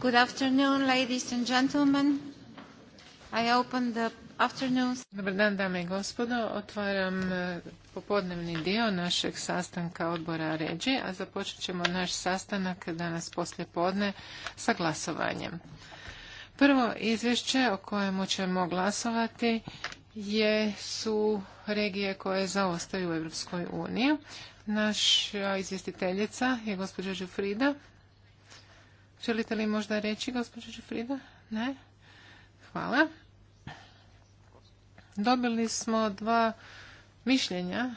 Good I Dobar dan, dame i gospodo. Otvaram e, popodnevni dio našeg sastanka odbora Ređi, a započet ćemo naš sastanak danas poslje podne sa glasovanjem. Prvo izvješće o kojemu ćemo glasovati je su regije koje zaostaju u Europskoj uniji. Naša izvjestiteljica je gospođa Žufrida. Želite li možda reći, gospođo Čufrida? Ne? Hvala. Dobili smo dva mišljenja,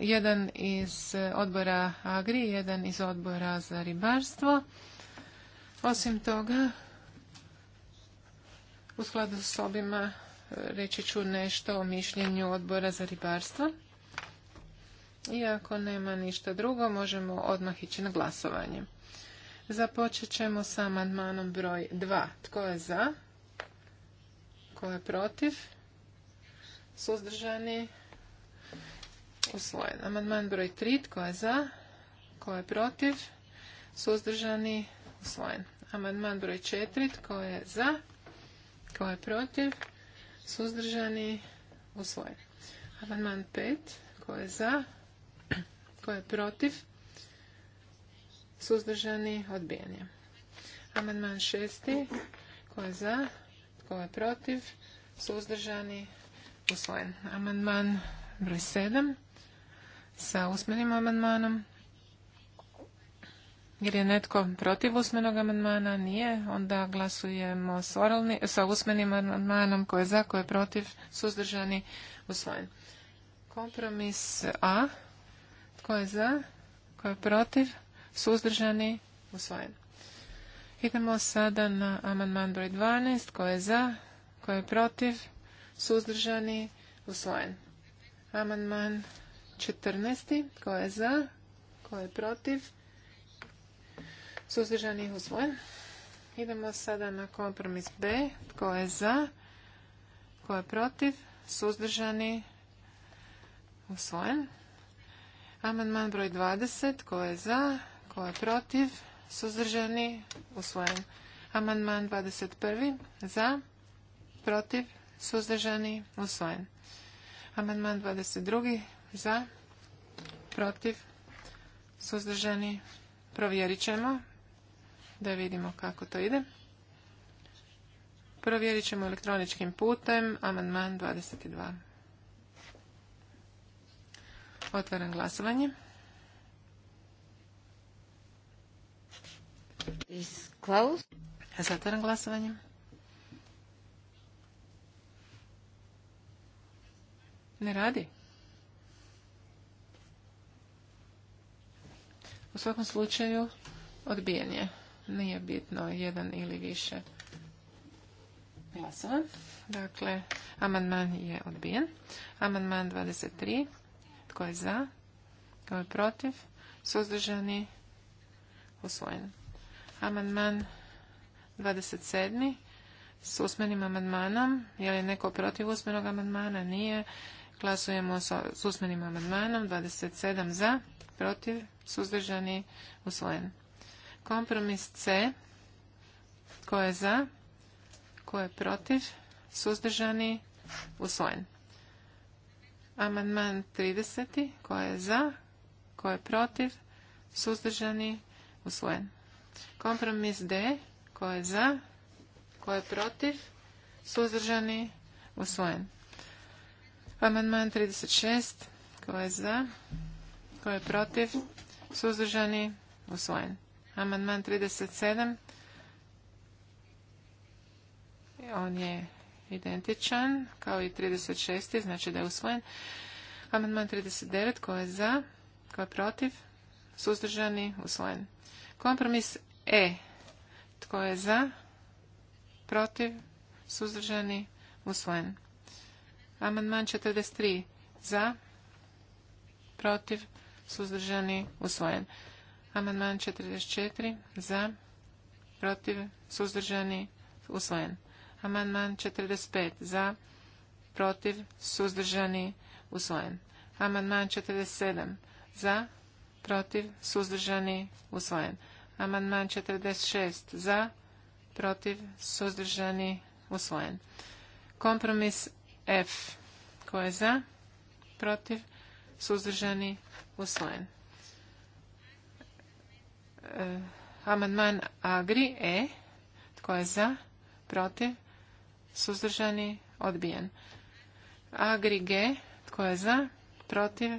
jedan iz odbora Agri, jedan iz odbora za ribarstvo. Osim toga, u skladu s obima reći ću nešto o mišljenju odbora za ribarstvo. I ako nema ništa drugo, možemo odmah ići na glasovanje. Započet ćemo sa amandmanom broj 2. Tko je za? Tko je protiv? Suzdržani? Usvojen. Amandman broj 3. Tko je za? Tko je protiv? Suzdržani? Usvojen. Amandman broj 4. Tko je za? Tko je protiv? Suzdržani? Usvojen. Amandman 5. Tko je za? Tko je protiv? suzdržani, odbijen je. Amandman šesti, ko je za, tko je protiv, suzdržani, usvojen. Amandman broj sedam, sa usmenim amandmanom. Jer je netko protiv usmenog amandmana? Nije. Onda glasujemo sa usmenim amandmanom ko je za, ko je protiv, suzdržani, usvojen. Kompromis A. Tko je za? ko je protiv? suzdržani, usvojen. Idemo sada na amandman broj 12. Ko je za? Ko je protiv? Suzdržani? Usvojen. Amandman 14. Ko je za? Ko je protiv? Suzdržani? Usvojen. Idemo sada na kompromis B. Tko je za? Tko je protiv? Suzdržani? Usvojen. Amandman broj 20. Tko je za? Tko je protiv? Suzdržani? Usvojen. Amandman 21. Za? Protiv? Suzdržani? Usvojen. Amandman 22. Za? Protiv? Suzdržani? Provjerit ćemo da vidimo kako to ide. Provjerit ćemo elektroničkim putem. Amandman 22. Otvaram glasovanje. Zatvaram glasovanje. Ne radi. U svakom slučaju odbijen je. Nije bitno jedan ili više glasova. Dakle, amandman je odbijen. Amandman 23. Tko je za? Tko je protiv? Suzdržani? Usvojen. Amandman 27. s usmenim amandmanom. Je li neko protiv usmenog amandmana? Nije. Glasujemo s usmenim amandmanom. 27 za, protiv, suzdržani, usvojen. Kompromis C. Ko je za? Ko je protiv? Suzdržani, usvojen. Amandman 30. Ko je za? Ko je protiv? Suzdržani, usvojen. Kompromis D. Ko je za? Ko je protiv? Suzdržani? Usvojen. Amandman 36. Ko je za? Ko je protiv? Suzdržani? Usvojen. Amandman 37. On je identičan kao i 36. Znači da je usvojen. Amandman 39. Ko je za? Ko je protiv? Suzdržani? Usvojen. Kompromis E. Tko je za? Protiv? Suzdržani? Usvojen. Amandman 43. Za? Protiv? Suzdržani? Usvojen. Amandman 44. Za? Protiv? Suzdržani? Usvojen. Amandman 45. Za? Protiv? Suzdržani? Usvojen. Amandman 47. Za? Protiv? Suzdržani? Usvojen. Amandman 46 za, protiv, suzdržani, usvojen. Kompromis F. tko je za? Protiv? Suzdržani? Usvojen. E, amandman Agri E. Tko je za? Protiv? Suzdržani? Odbijen. Agri G. Tko je za? Protiv?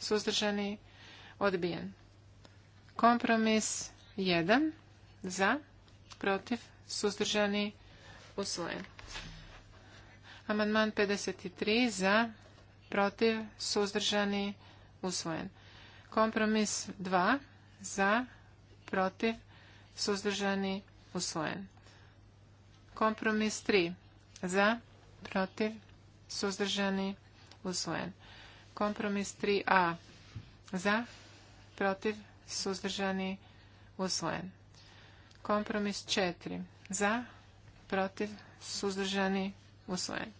Suzdržani? Odbijen. Kompromis 1 za, protiv, suzdržani, usvojen. Amandman 53 za, protiv, suzdržani, usvojen. Kompromis 2 za, protiv, suzdržani, usvojen. Kompromis 3 za, protiv, suzdržani, usvojen. Kompromis 3a za, protiv, suzdržani, usvojen. Kompromis 4 za, protiv, suzdržani, usvojen.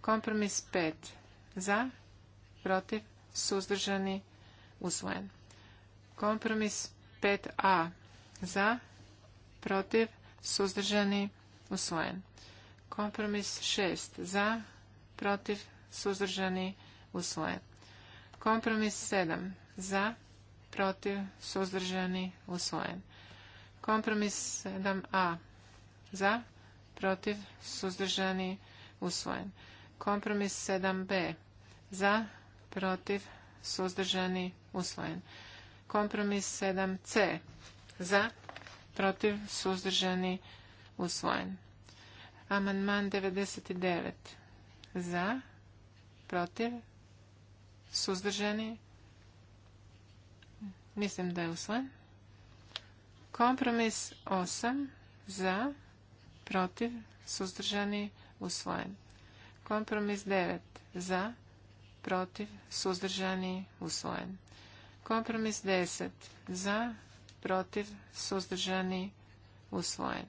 Kompromis 5 za, protiv, suzdržani, usvojen. Kompromis 5a za, protiv, suzdržani, usvojen. Kompromis 6 za, protiv, suzdržani, usvojen. Kompromis 7 za, protiv, suzdržani, usvojen. Kompromis 7a za, protiv, suzdržani, usvojen. Kompromis 7b za, protiv, suzdržani, usvojen. Kompromis 7c za, protiv, suzdržani, usvojen. Amandman 99 za, protiv, suzdržani, usvojen Mislim da je usvojen. Kompromis 8 za, protiv, suzdržani, usvojen. Kompromis 9 za, protiv, suzdržani, usvojen. Kompromis 10 za, protiv, suzdržani, usvojen.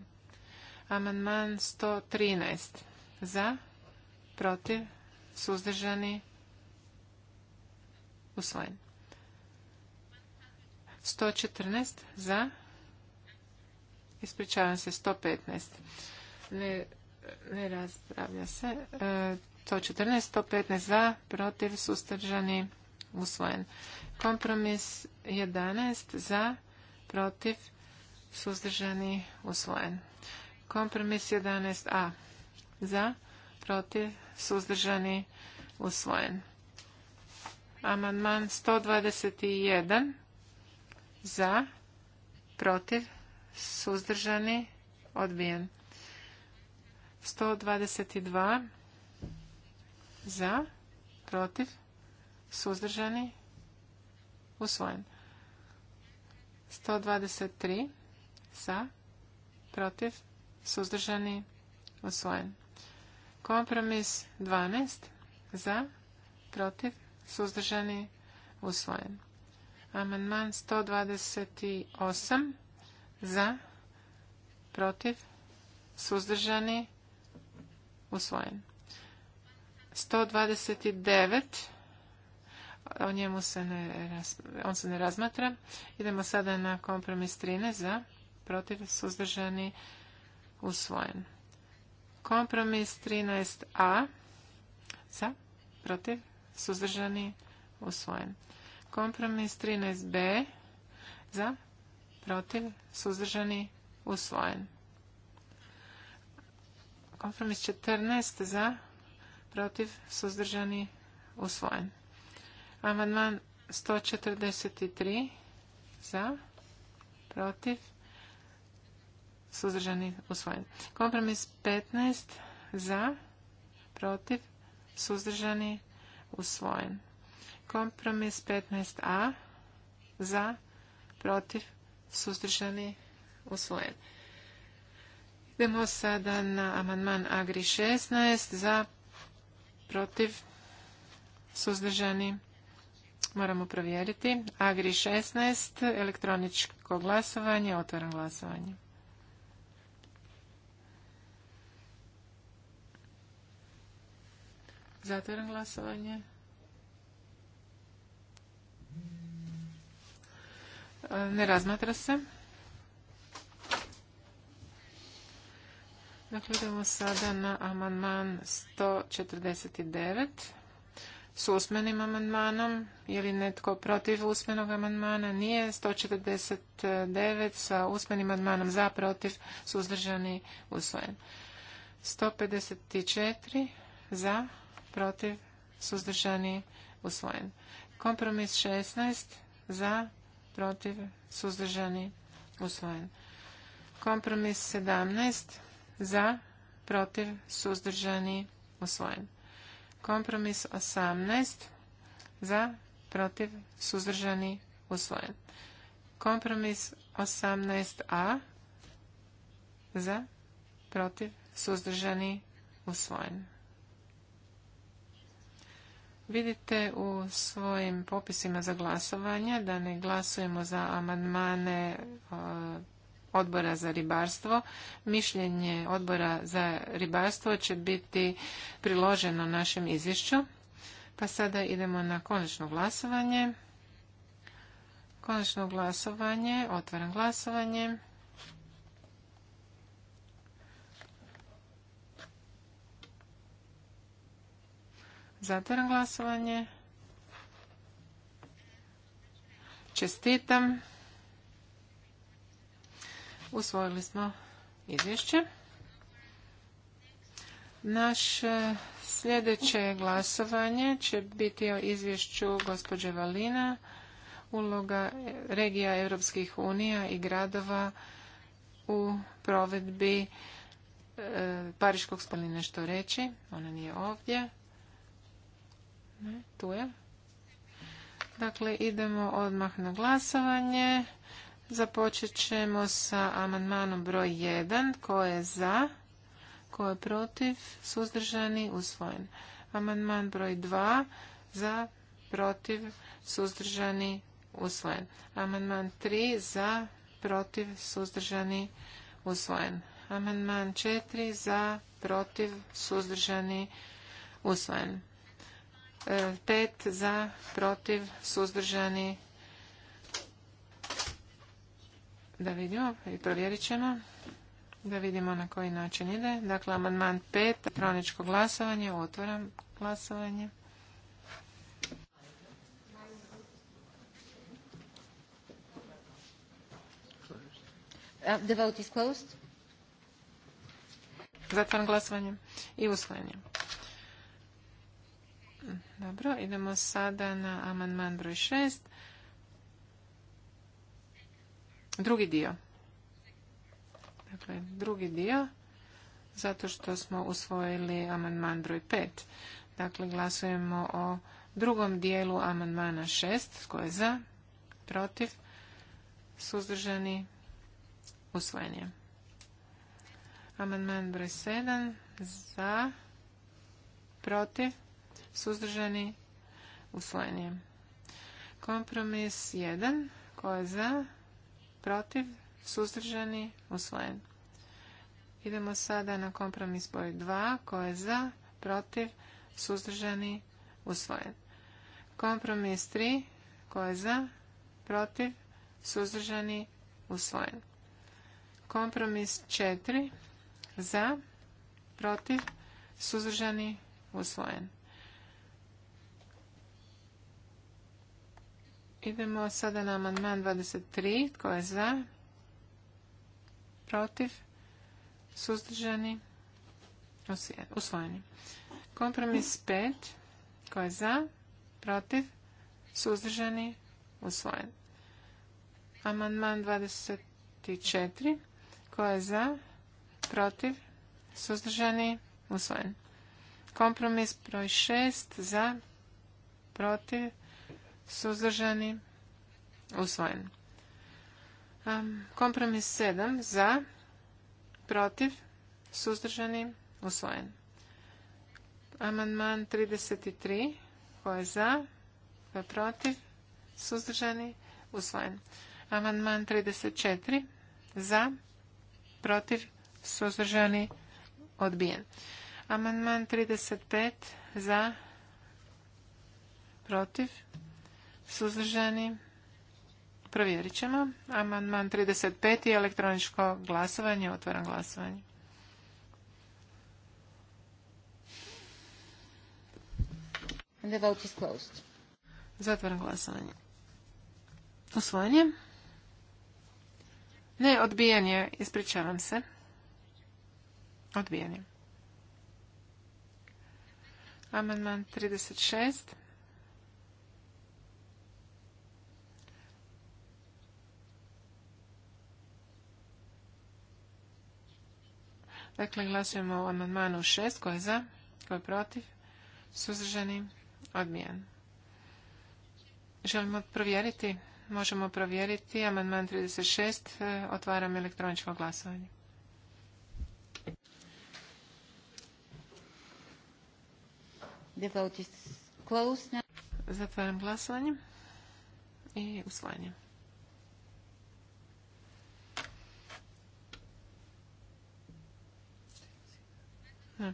Amandman 113 za, protiv, suzdržani, usvojen. 114 za. Ispričavam se, 115. Ne, ne raspravlja se. 114, 115 za, protiv, sustržani, usvojen. Kompromis 11 za, protiv, suzdržani, usvojen. Kompromis 11a za, protiv, suzdržani, usvojen. Amandman 121 za, protiv, suzdržani, odbijen. 122 za, protiv, suzdržani, usvojen. 123 za, protiv, suzdržani, usvojen. Kompromis 12 za, protiv, suzdržani, usvojen. Amandman 128 za, protiv, suzdržani, usvojen. 129, o njemu se ne, on se ne razmatra. Idemo sada na kompromis 13 za, protiv, suzdržani, usvojen. Kompromis 13a za, protiv, suzdržani, usvojen. Kompromis 13b za, protiv, suzdržani, usvojen. Kompromis 14 za, protiv, suzdržani, usvojen. Amandman 143 za, protiv, suzdržani, usvojen. Kompromis 15 za, protiv, suzdržani, usvojen. Kompromis 15a za, protiv, suzdržani, usvojen. Idemo sada na amandman Agri 16 za, protiv, suzdržani, moramo provjeriti. Agri 16, elektroničko glasovanje, otvaram glasovanje. Zatvaram glasovanje. E, ne razmatra se. Dakle, idemo sada na amandman 149 s usmenim amandmanom. Je li netko protiv usmenog amandmana? Nije. 149 sa usmenim amandmanom za, protiv, suzdržani, usvojen. 154 za, protiv, suzdržani, usvojen. Kompromis 16 za, protiv, suzdržani, usvojen. Kompromis 17 za, protiv, suzdržani, usvojen. Kompromis 18 za, protiv, suzdržani, usvojen. Kompromis 18a za, protiv, suzdržani, usvojen. Vidite u svojim popisima za glasovanje da ne glasujemo za amandmane e, odbora za ribarstvo. Mišljenje odbora za ribarstvo će biti priloženo našem izvješću. Pa sada idemo na konačno glasovanje. Konačno glasovanje, otvaram glasovanje. Zatvaram glasovanje. Čestitam. Usvojili smo izvješće. Naš e, sljedeće glasovanje će biti o izvješću gospođe Valina, uloga regija Europskih unija i gradova u provedbi e, Pariškog spoline što reći. Ona nije ovdje. Ne, tu je. Dakle, idemo odmah na glasovanje. Započet ćemo sa amandmanom broj 1. Ko je za? Ko je protiv? Suzdržani? Usvojen. Amandman broj 2. Za? Protiv? Suzdržani? Usvojen. Amandman 3. Za? Protiv? Suzdržani? Usvojen. Amandman 4. Za? Protiv? Suzdržani? Usvojen. Pet za, protiv, suzdržani. Da vidimo i provjerit ćemo. Da vidimo na koji način ide. Dakle, amandman pet, elektroničko glasovanje. Otvoram glasovanje. Uh, the Zatvaram glasovanje i usvojenje. Dobro, idemo sada na amandman broj šest. Drugi dio. Dakle, drugi dio, zato što smo usvojili amandman broj pet. Dakle, glasujemo o drugom dijelu amandmana šest, Tko je za? Protiv? Suzdržani? Usvojen je. Amandman broj sedam, Za? Protiv? suzdržani, usvojen je. Kompromis 1, ko je za, protiv, suzdržani, usvojen. Idemo sada na kompromis broj 2, ko je za, protiv, suzdržani, usvojen. Kompromis 3, ko je za, protiv, suzdržani, usvojen. Kompromis 4, za, protiv, suzdržani, usvojen. Idemo sada na amandman 23. Tko je za? Protiv? Suzdržani? Usvojeni. Kompromis 5. Tko je za? Protiv? Suzdržani? Usvojen. Amandman 24. Tko je za? Protiv? Suzdržani? Usvojen. Kompromis broj 6. Za? Protiv? suzdržani, usvojen. Kompromis 7 za, protiv, suzdržani, usvojen. Amandman 33, ko je za, protiv, suzdržani, usvojen. Amandman 34, za, protiv, suzdržani, odbijen. Amandman 35, za, protiv, Suzdržani? Provjerit ćemo. Amandman 35. Elektroničko glasovanje. Otvaram glasovanje. is closed. Zatvaram glasovanje. Usvojenje? Ne, odbijanje. Ispričavam se. Odbijanje. Amandman 36. Dakle, glasujemo o amandmanu 6. koji je za? koji je protiv? Suzdržani? odmijen. Želimo provjeriti? Možemo provjeriti. Amandman 36. E, otvaram elektroničko glasovanje. Zatvaram glasovanje i usvajanje. E,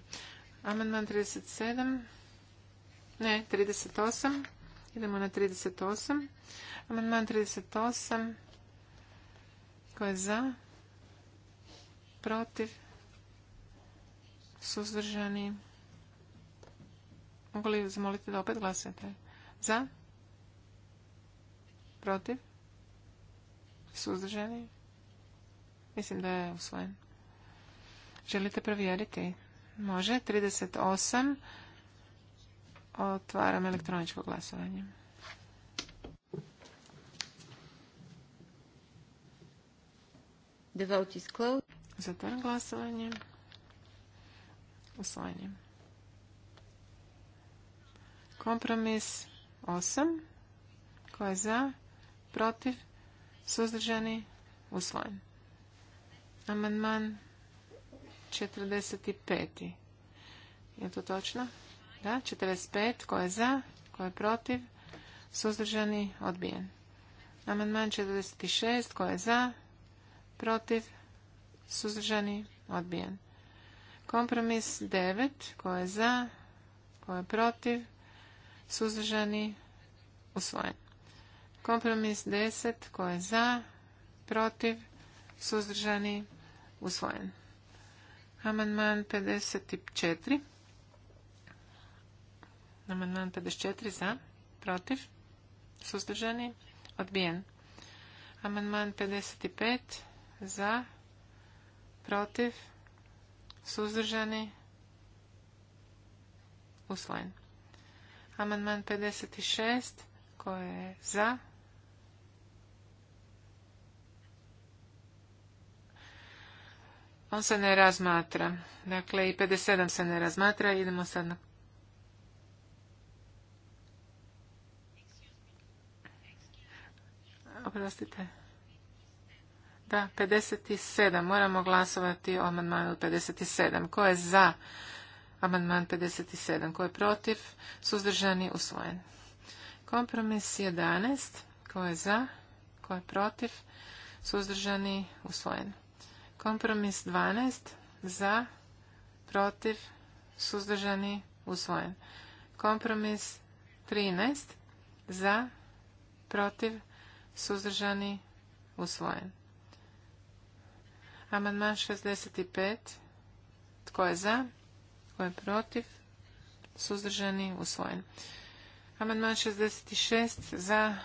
amandman 37. Ne, 38. Idemo na 38. Amandman 38. Ko je za? Protiv? Suzdržani? Mogu li zamoliti da opet glasujete? Za? Protiv? Suzdržani? Mislim da je usvojen. Želite provjeriti? Može. 38. Otvaram elektroničko glasovanje. The Zatvaram glasovanje. Usvajanje. Kompromis 8. Ko je za? Protiv? Suzdržani? Usvojen. Amandman 45. Je to točno? Da, 45. Ko je za? Ko je protiv? Suzdržani? Odbijen. Amandman 46. Ko je za? Protiv? Suzdržani? Odbijen. Kompromis 9. Ko je za? Ko je protiv? Suzdržani? Usvojen. Kompromis 10. Ko je za? Protiv? Suzdržani? Usvojen. Amandman 54. Amandman 54 za, protiv, suzdržani, odbijen. Amandman 55 za, protiv, suzdržani, usvojen. Amandman 56 koje je za, On se ne razmatra. Dakle, i 57 se ne razmatra. Idemo sad na... Oprostite. Da, 57. Moramo glasovati o amandmanu 57. Ko je za amandman 57? Ko je protiv? Suzdržani usvojen. Kompromis 11. Ko je za? Ko je protiv? Suzdržani usvojen. Kompromis 12 za, protiv, suzdržani, usvojen. Kompromis 13 za, protiv, suzdržani, usvojen. Amandman 65. Tko je za? Tko je protiv? Suzdržani, usvojen. Amandman 66 za,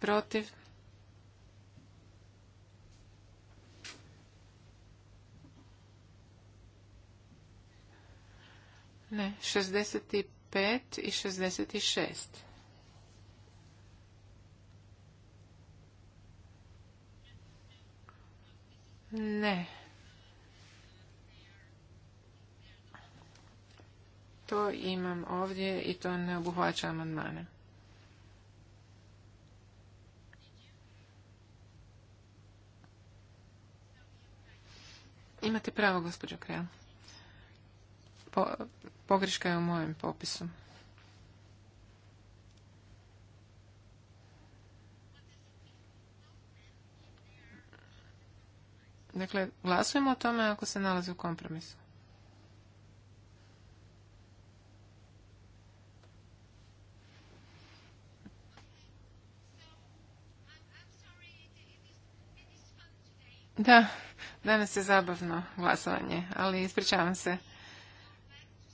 protiv, Ne, 65 i 66. Ne. To imam ovdje i to ne obuhvaća amandmane. Imate pravo, gospođo Krel pogreška je u mojem popisu. Dakle, glasujemo o tome ako se nalazi u kompromisu. Da, danas je zabavno glasovanje, ali ispričavam se.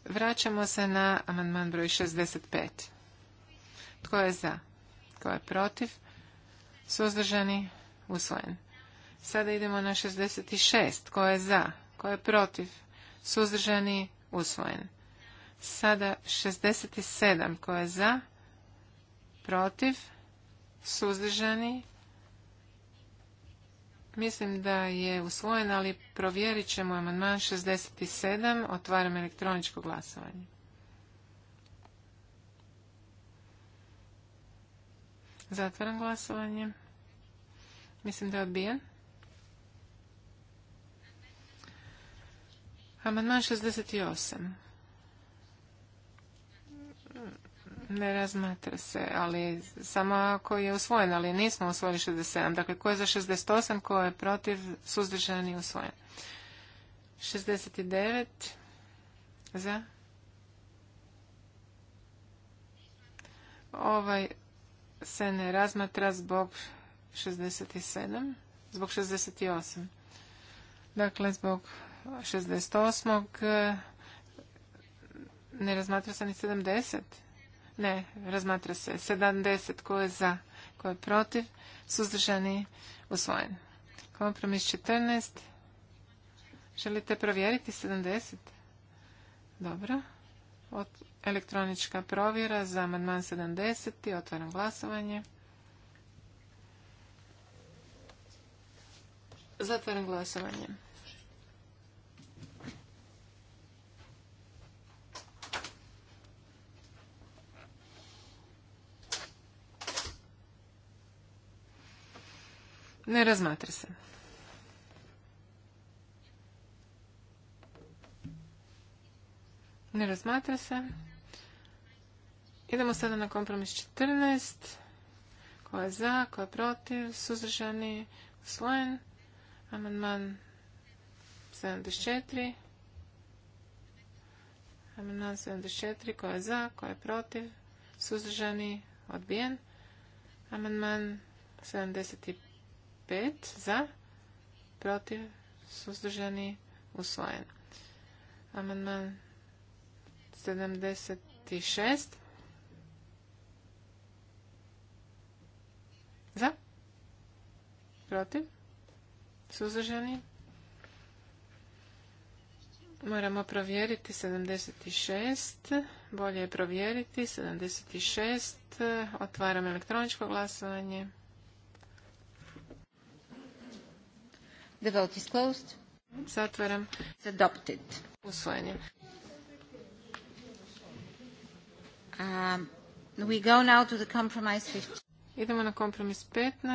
Vraćamo se na amandman broj 65. Tko je za? Tko je protiv? Suzdržani? Usvojen. Sada idemo na 66. Tko je za? Tko je protiv? Suzdržani? Usvojen. Sada 67. Tko je za? Protiv? Suzdržani? Mislim da je usvojen, ali provjerit ćemo amandman 67. Otvaram elektroničko glasovanje. Zatvaram glasovanje. Mislim da je odbijen. Amandman 68. Ne razmatra se, ali samo ako je usvojen, ali nismo usvojili 67. Dakle, ko je za 68, ko je protiv, suzdržan i usvojen. 69 za. Ovaj se ne razmatra zbog 67, zbog 68. Dakle, zbog 68. Eh, ne razmatra se ni 70. Ne, razmatra se. 70 ko je za, ko je protiv, suzdržani, usvojen. Kompromis 14. Želite provjeriti 70? Dobro. elektronička provjera za amandman 70. Otvaram glasovanje. Zatvaram glasovanje. Ne razmatra se. Ne razmatra se. Idemo sada na kompromis 14. Ko je za, ko je protiv, suzdržani, usvojen. Amandman 74. Amandman 74. Ko je za, ko je protiv, suzdržani, odbijen. Amandman 75. 5 za, protiv, suzdržani, usvojen. Amandman 76 za, protiv, suzdržani. Moramo provjeriti 76, bolje je provjeriti 76, otvaram elektroničko glasovanje. The vote is closed. Zatvaram. It's adopted. Usvojen je. Um, we go now to the compromise 15. Idemo na kompromis 15.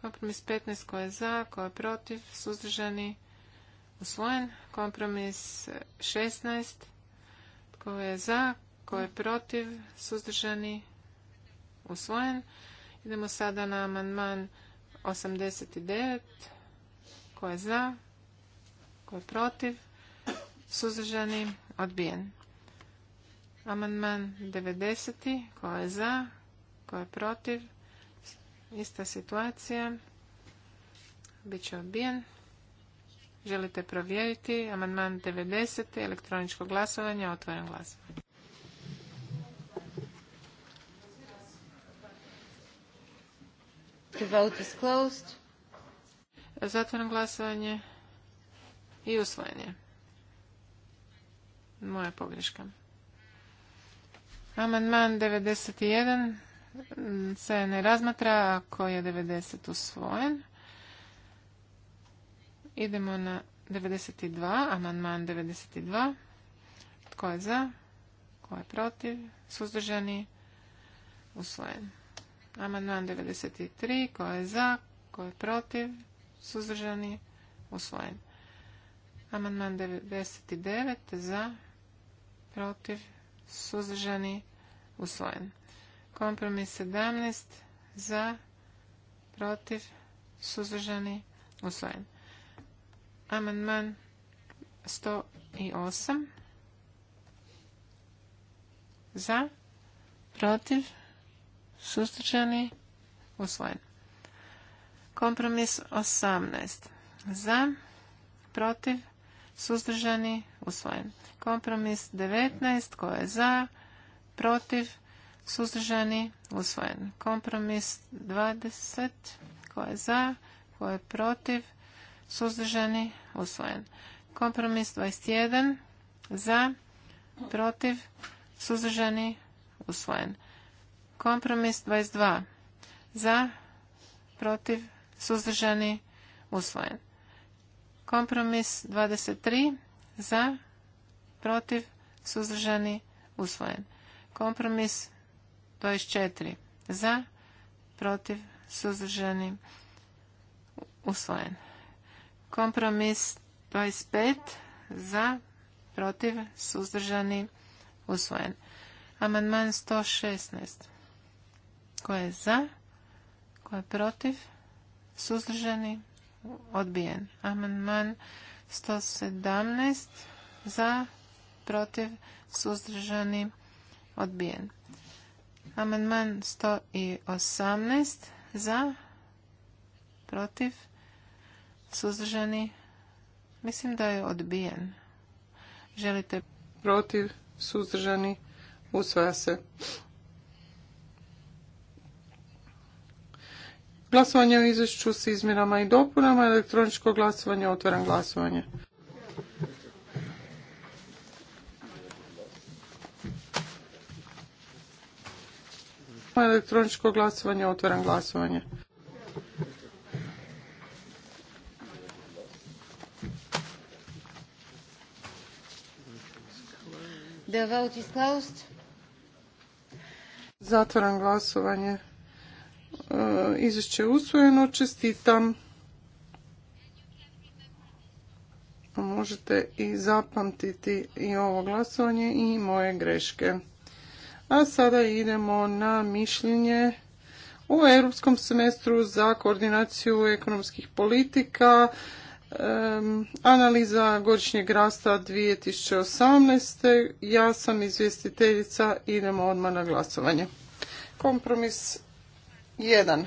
Kompromis 15 ko je za, ko je protiv, suzdržani, usvojen. Kompromis 16 koje je za, ko je protiv, suzdržani, usvojen. Idemo sada na amandman 89 Ko je za? Ko je protiv? Suzdržani? Odbijen. Amandman 90. Ko je za? Ko je protiv? Ista situacija. Biće odbijen. Želite provjeriti? Amandman 90. Elektroničko glasovanje. Otvoren glasovanje. The vote is closed. Zatvaram glasovanje i usvojenje. Moja pogreška. Amandman 91 se ne razmatra ako je 90 usvojen. Idemo na 92, amandman 92. Tko je za? Tko je protiv? Suzdržani? Usvojen. Amandman 93. Tko je za? Tko je protiv? suzdržani, usvojen. Amandman 99 za, protiv, suzdržani, usvojen. Kompromis 17 za, protiv, suzdržani, usvojen. Amandman 108 za, protiv, suzdržani, usvojen. Kompromis 18 za, protiv, suzdržani, usvojen. Kompromis 19 Ko je za, protiv, suzdržani, usvojen. Kompromis 20 Ko je za, ko je protiv, suzdržani, usvojen. Kompromis 21 za, protiv, suzdržani, usvojen. Kompromis 22 za, protiv, suzdržani, usvojen. Kompromis 23 za, protiv, suzdržani, usvojen. Kompromis 24 za, protiv, suzdržani, usvojen. Kompromis 25 za, protiv, suzdržani, usvojen. Amandman 116. Ko je za? Ko je protiv? suzdržani, odbijen. Amandman 117 za, protiv, suzdržani, odbijen. Amandman 118 za, protiv, suzdržani, mislim da je odbijen. Želite protiv, suzdržani, usvaja se. Glasovanje o izvješću s izmjenama i dopunama, elektroničko glasovanje, otvaram glasovanje. Elektroničko glasovanje, otvaram glasovanje. The Zatvaram glasovanje. E, izvješće je usvojeno, čestitam. Možete i zapamtiti i ovo glasovanje i moje greške. A sada idemo na mišljenje u europskom semestru za koordinaciju ekonomskih politika. Analiza godišnjeg rasta 2018. Ja sam izvjestiteljica, idemo odmah na glasovanje. Kompromis 1.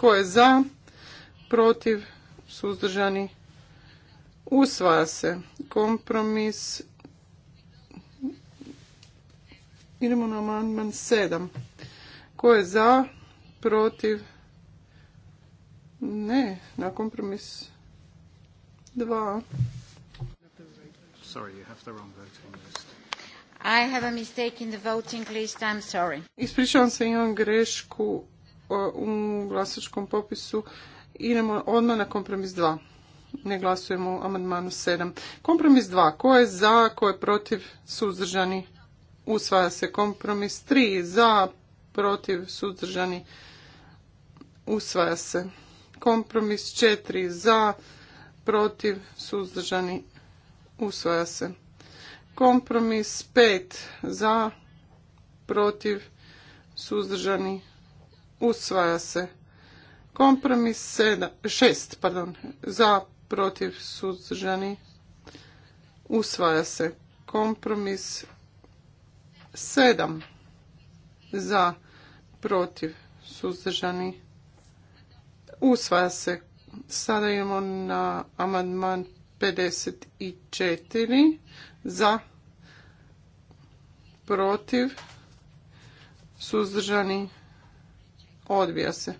Ko je za? Protiv? Suzdržani? Usvaja se. Kompromis. Idemo na amandman 7. Ko je za? Protiv? Ne, na kompromis 2. Sorry, you have the wrong voting list. I have a mistake in the voting list, I'm sorry. Ispričavam se, imam grešku u glasačkom popisu idemo odmah na kompromis 2. Ne glasujemo u amandmanu 7. Kompromis 2. Ko je za, ko je protiv, suzdržani? Usvaja se kompromis 3. Za, protiv, suzdržani? Usvaja se. Kompromis 4. Za, protiv, suzdržani? Usvaja se. Kompromis 5. Za, protiv, suzdržani? usvaja se. Kompromis šest pardon, za, protiv, suzdržani, usvaja se. Kompromis sedam za, protiv, suzdržani, usvaja se. Sada imamo na amandman 54, za, protiv, suzdržani, Odbija se.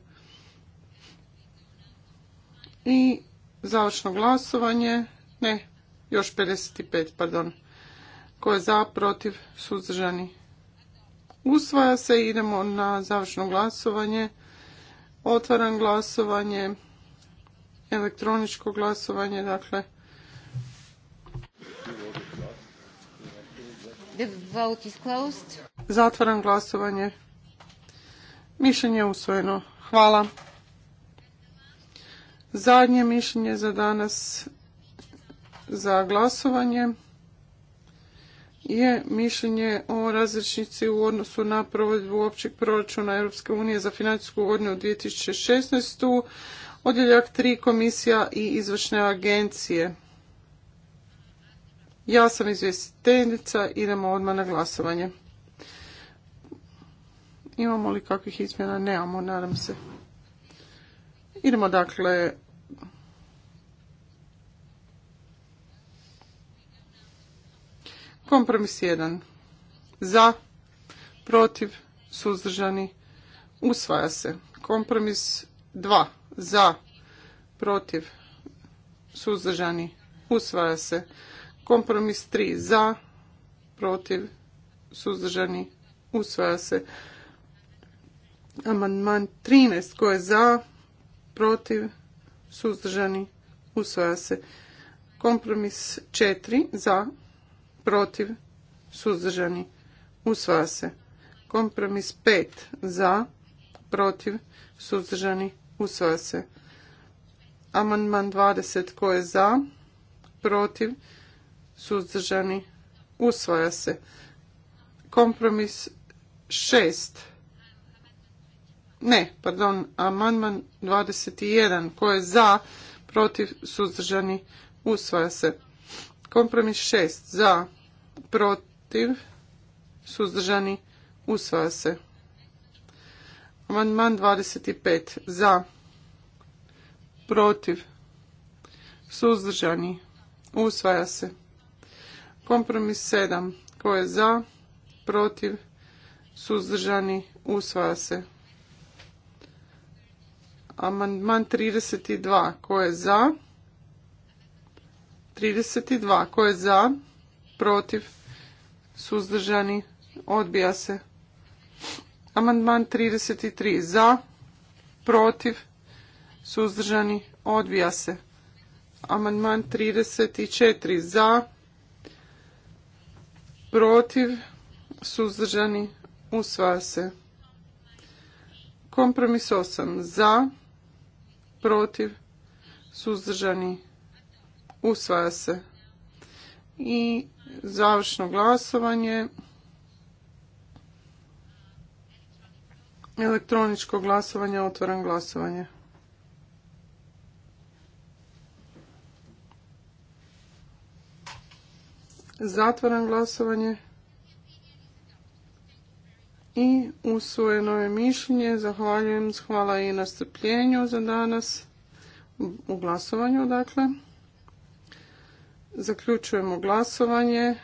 I završno glasovanje. Ne, još 55, pardon. Ko je za, protiv, suzdržani. Usvaja se i idemo na završno glasovanje. Otvaram glasovanje. Elektroničko glasovanje, dakle. The Zatvaram glasovanje. Mišljenje je usvojeno. Hvala. Zadnje mišljenje za danas za glasovanje je mišljenje o različnici u odnosu na provedbu općeg proračuna Europske unije za financijsku godinu 2016. Odjeljak 3 komisija i izvršne agencije. Ja sam izvjestiteljica, idemo odmah na glasovanje. Imamo li kakvih izmjena? Nemamo, nadam se. Idemo dakle Kompromis 1. Za, protiv, suzdržani, usvaja se. Kompromis 2. Za, protiv, suzdržani, usvaja se. Kompromis 3. Za, protiv, suzdržani, usvaja se. Amandman 13. Ko je za? Protiv? Suzdržani? Usvaja se. Kompromis 4. Za? Protiv? Suzdržani? Usvaja se. Kompromis 5. Za? Protiv? Suzdržani? Usvaja se. Amandman 20. Ko je za? Protiv? Suzdržani? Usvaja se. Kompromis 6 ne, pardon, amandman 21 koji je za, protiv, suzdržani, usvaja se. Kompromis 6 za, protiv, suzdržani, usvaja se. Amandman 25 za, protiv, suzdržani, usvaja se. Kompromis 7 koji je za, protiv, suzdržani, usvaja se. Amandman 32. Ko je za? 32. Ko je za? Protiv? Suzdržani? Odbija se. Amandman 33. Za? Protiv? Suzdržani? Odbija se. Amandman 34. Za? Protiv? Suzdržani? Usvaja se. Kompromis 8. Za? protiv, suzdržani, usvaja se. I završno glasovanje, elektroničko glasovanje, otvoran glasovanje. Zatvaram glasovanje. I usvojeno je mišljenje. Zahvaljujem. Hvala i na strpljenju za danas. U glasovanju, dakle. Zaključujemo glasovanje.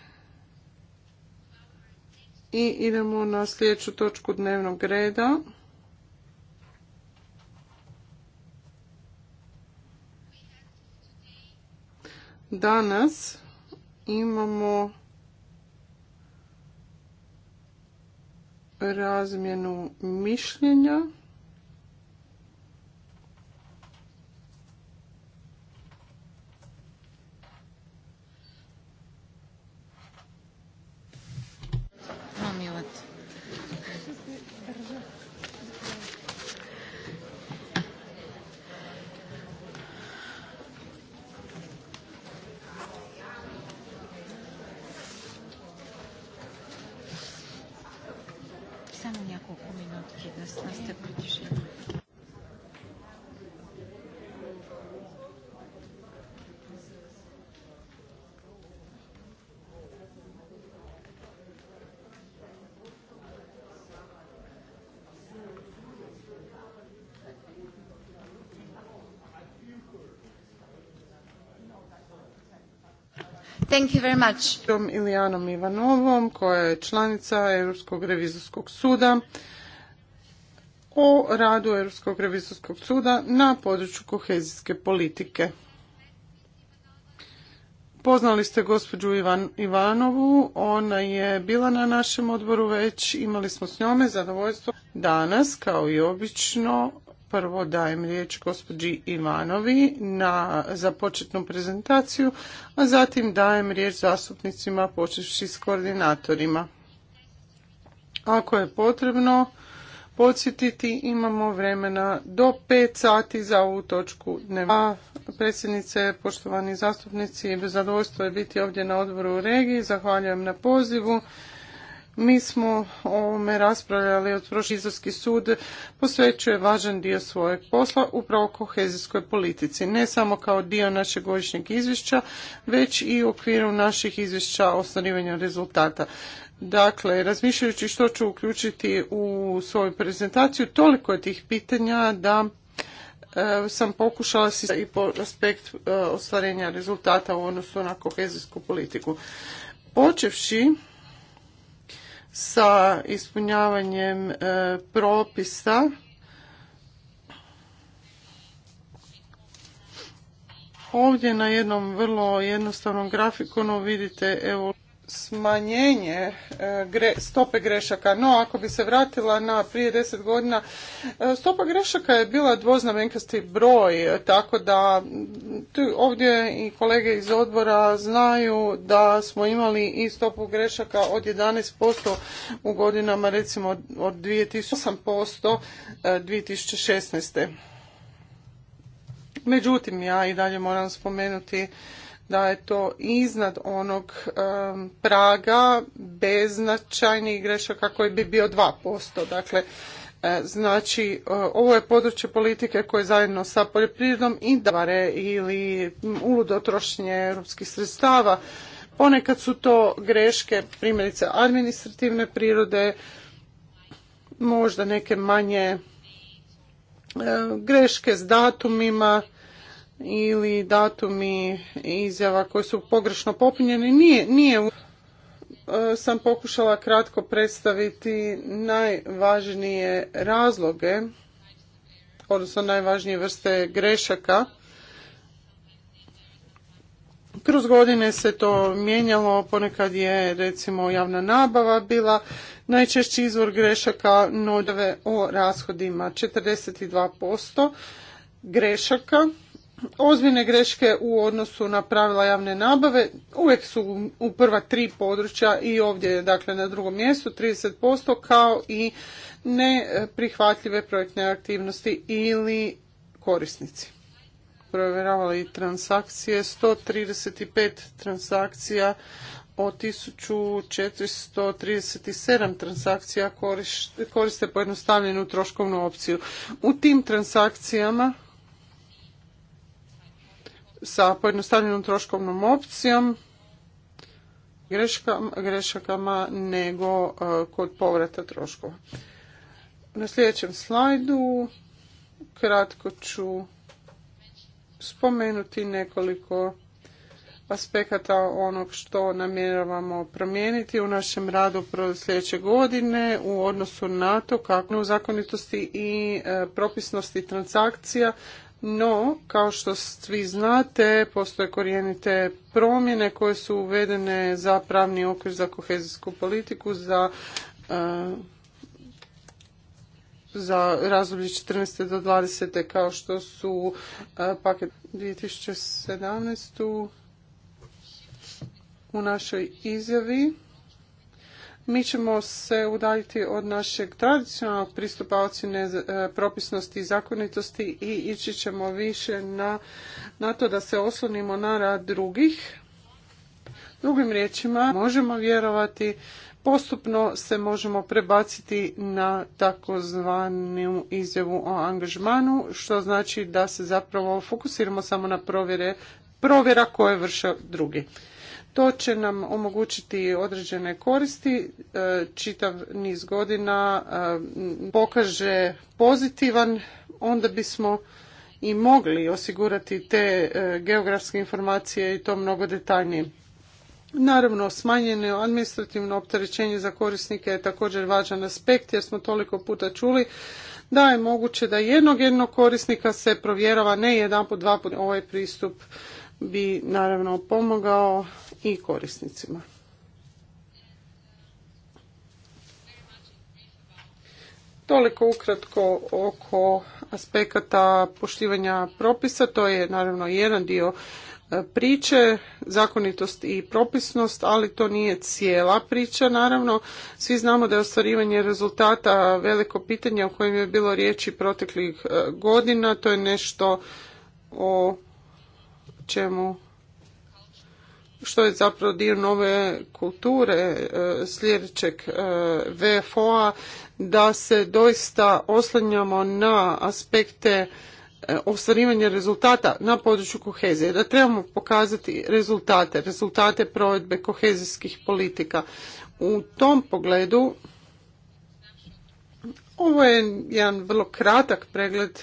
I idemo na sljedeću točku dnevnog reda. Danas imamo razmjenu mišljenja Thank you very Ilijanom Ivanovom, koja je članica Europskog revizorskog suda o radu Europskog revizorskog suda na području kohezijske politike. Poznali ste gospođu Ivan, Ivanovu, ona je bila na našem odboru već, imali smo s njome zadovoljstvo. Danas, kao i obično, Prvo dajem riječ gospođi Ivanovi na, za početnu prezentaciju, a zatim dajem riječ zastupnicima počevši s koordinatorima. Ako je potrebno podsjetiti, imamo vremena do 5 sati za ovu točku dnevna. Predsjednice, poštovani zastupnici, zadovoljstvo je biti ovdje na odboru u regiji. Zahvaljujem na pozivu mi smo o ovome raspravljali od Prošizorski sud posvećuje važan dio svojeg posla upravo kohezijskoj politici, ne samo kao dio našeg godišnjeg izvješća, već i u okviru naših izvješća o rezultata. Dakle, razmišljajući što ću uključiti u svoju prezentaciju, toliko je tih pitanja da e, sam pokušala si i po aspekt e, ostvarenja rezultata u odnosu na kohezijsku politiku. Počevši sa ispunjavanjem e, propisa Ovdje na jednom vrlo jednostavnom grafikonu vidite evo smanjenje e, stope grešaka, no ako bi se vratila na prije deset godina, e, stopa grešaka je bila dvoznamenkasti broj, tako da ovdje i kolege iz odbora znaju da smo imali i stopu grešaka od 11% u godinama recimo od 2008% 2016. E, Međutim, ja i dalje moram spomenuti da je to iznad onog praga beznačajnih grešaka koji bi bio 2%. Dakle, e, Znači, e, ovo je područje politike koje zajedno sa poljoprivredom i davare ili uludo europskih sredstava. Ponekad su to greške, primjerice administrativne prirode, možda neke manje e, greške s datumima, ili datumi izjava koji su pogrešno popunjeni nije, nije e, sam pokušala kratko predstaviti najvažnije razloge, odnosno najvažnije vrste grešaka. Kroz godine se to mijenjalo, ponekad je recimo javna nabava bila najčešći izvor grešaka nodove o rashodima 42% grešaka Ozbiljne greške u odnosu na pravila javne nabave uvijek su u prva tri područja i ovdje dakle na drugom mjestu 30% kao i neprihvatljive projektne aktivnosti ili korisnici. Provjeravali transakcije, 135 transakcija od 1437 transakcija koriste pojednostavljenu troškovnu opciju. U tim transakcijama sa pojednostavljenom troškovnom opcijom grešakama nego e, kod povrata troškova. Na sljedećem slajdu kratko ću spomenuti nekoliko aspekata onog što namjeravamo promijeniti u našem radu sljedeće godine u odnosu na to kako u zakonitosti i e, propisnosti transakcija no, kao što svi znate, postoje korijenite promjene koje su uvedene za pravni okvir za kohezijsku politiku za eh, za razdoblje 14. do 20. kao što su eh, paket 2017. u našoj izjavi. Mi ćemo se udaljiti od našeg tradicionalnog pristupa ocjene e, propisnosti i zakonitosti i ići ćemo više na, na to da se oslonimo na rad drugih. Drugim riječima možemo vjerovati postupno se možemo prebaciti na takozvanu izjavu o angažmanu, što znači da se zapravo fokusiramo samo na provjere, provjera koje vrše drugi. To će nam omogućiti određene koristi, e, čitav niz godina e, pokaže pozitivan, onda bismo i mogli osigurati te e, geografske informacije i to mnogo detaljnije. Naravno, smanjeno administrativno opterećenje za korisnike je također važan aspekt jer smo toliko puta čuli da je moguće da jednog jednog korisnika se provjerava ne jedan po dva put. Ovaj pristup bi naravno pomogao i korisnicima. Toliko ukratko oko aspekata poštivanja propisa, to je naravno jedan dio e, priče, zakonitost i propisnost, ali to nije cijela priča naravno. Svi znamo da je ostvarivanje rezultata veliko pitanje o kojem je bilo riječi proteklih e, godina, to je nešto o čemu što je zapravo dio nove kulture e, sljedećeg e, VFO-a, da se doista oslanjamo na aspekte e, ostvarivanja rezultata na području kohezije, da trebamo pokazati rezultate, rezultate provedbe kohezijskih politika. U tom pogledu ovo je jedan vrlo kratak pregled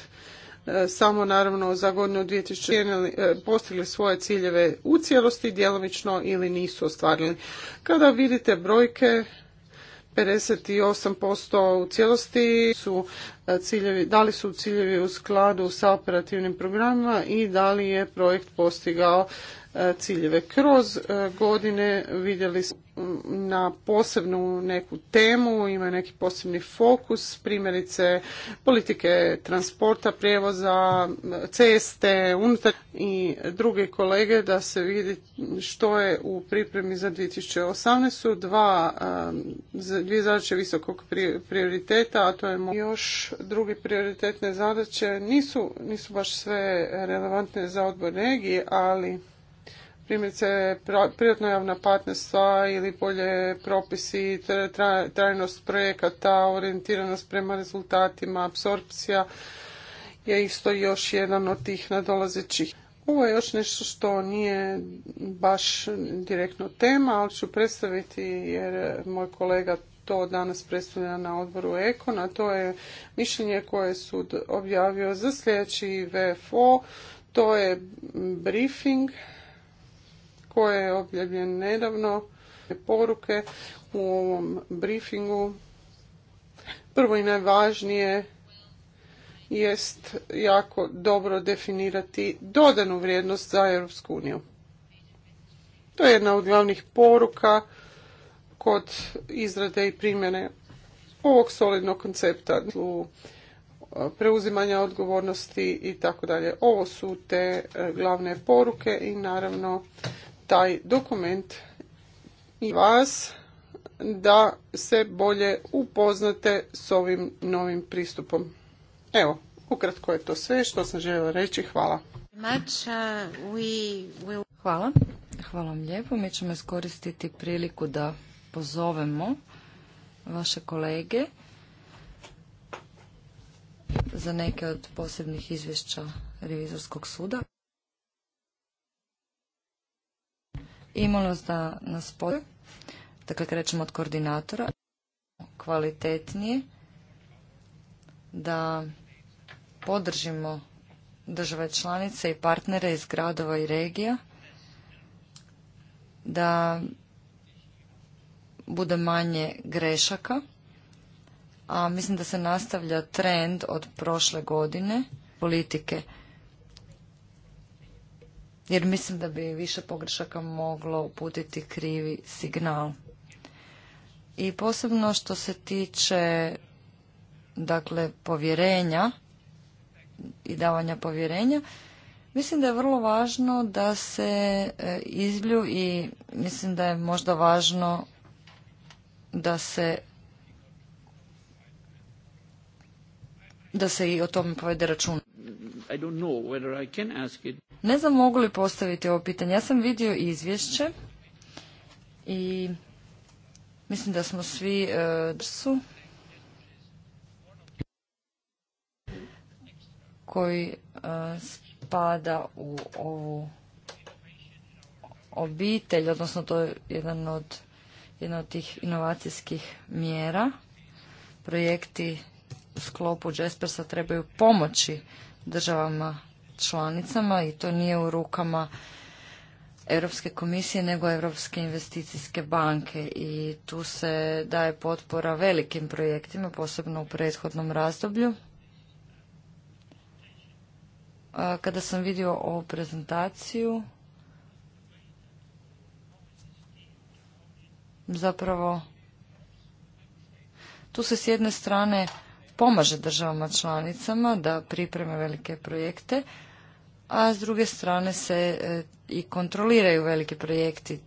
E, samo naravno za godinu 2000 e, postigli svoje ciljeve u cijelosti djelomično ili nisu ostvarili. Kada vidite brojke 58% u cijelosti su e, ciljevi, da li su ciljevi u skladu sa operativnim programima i da li je projekt postigao E, ciljeve. Kroz e, godine vidjeli smo na posebnu neku temu, ima neki posebni fokus, primjerice politike transporta, prijevoza, ceste, unutar i druge kolege da se vidi što je u pripremi za 2018. Dva, e, dvije zadaće visokog prioriteta, a to je još drugi prioritetne zadaće nisu, nisu baš sve relevantne za odbor regije, ali primjerice privatno javna partnerstva ili bolje propisi, trajnost projekata, orijentiranost prema rezultatima, apsorpcija je isto još jedan od tih nadolazećih. Ovo je još nešto što nije baš direktno tema, ali ću predstaviti jer moj kolega to danas predstavlja na odboru Ekon, a to je mišljenje koje sud objavio za sljedeći VFO. To je briefing koje je objavljen nedavno, poruke u ovom briefingu. Prvo i najvažnije jest jako dobro definirati dodanu vrijednost za Europsku uniju. To je jedna od glavnih poruka kod izrade i primjene ovog solidnog koncepta u e, preuzimanja odgovornosti i tako dalje. Ovo su te e, glavne poruke i naravno taj dokument i vas da se bolje upoznate s ovim novim pristupom. Evo, ukratko je to sve što sam željela reći. Hvala. Uh, Hvala. Hvala vam lijepo. Mi ćemo iskoristiti priliku da pozovemo vaše kolege za neke od posebnih izvješća Revizorskog suda. Imalo da nas podaju. Dakle, krećemo od koordinatora. Kvalitetnije da podržimo države članice i partnere iz gradova i regija da bude manje grešaka a mislim da se nastavlja trend od prošle godine politike jer mislim da bi više pogrešaka moglo uputiti krivi signal. I posebno što se tiče dakle povjerenja i davanja povjerenja, mislim da je vrlo važno da se e, izblju i mislim da je možda važno da se da se i o tome povede računa. Ne znam mogu li postaviti ovo pitanje. Ja sam vidio izvješće i mislim da smo svi e, drsu koji e, spada u ovu obitelj, odnosno to je jedan od, jedna od tih inovacijskih mjera. Projekti u sklopu jaspersa trebaju pomoći državama članicama i to nije u rukama Europske komisije nego Europske investicijske banke i tu se daje potpora velikim projektima, posebno u prethodnom razdoblju. Kada sam vidio ovu prezentaciju, zapravo tu se s jedne strane pomaže državama članicama da pripreme velike projekte, a s druge strane se e, i kontroliraju veliki projekti.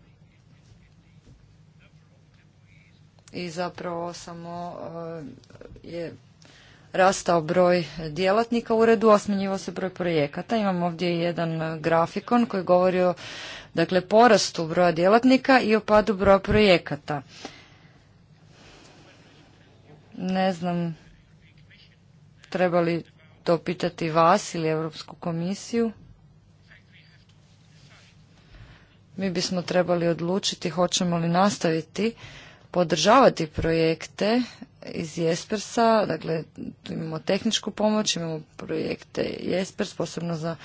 I zapravo samo e, je rastao broj djelatnika u uredu, a se broj projekata. Imam ovdje jedan grafikon koji govori o dakle, porastu broja djelatnika i o padu broja projekata. Ne znam trebali to pitati vas ili Europsku komisiju. Mi bismo trebali odlučiti hoćemo li nastaviti podržavati projekte iz Jespersa, dakle imamo tehničku pomoć, imamo projekte Jespers, posebno za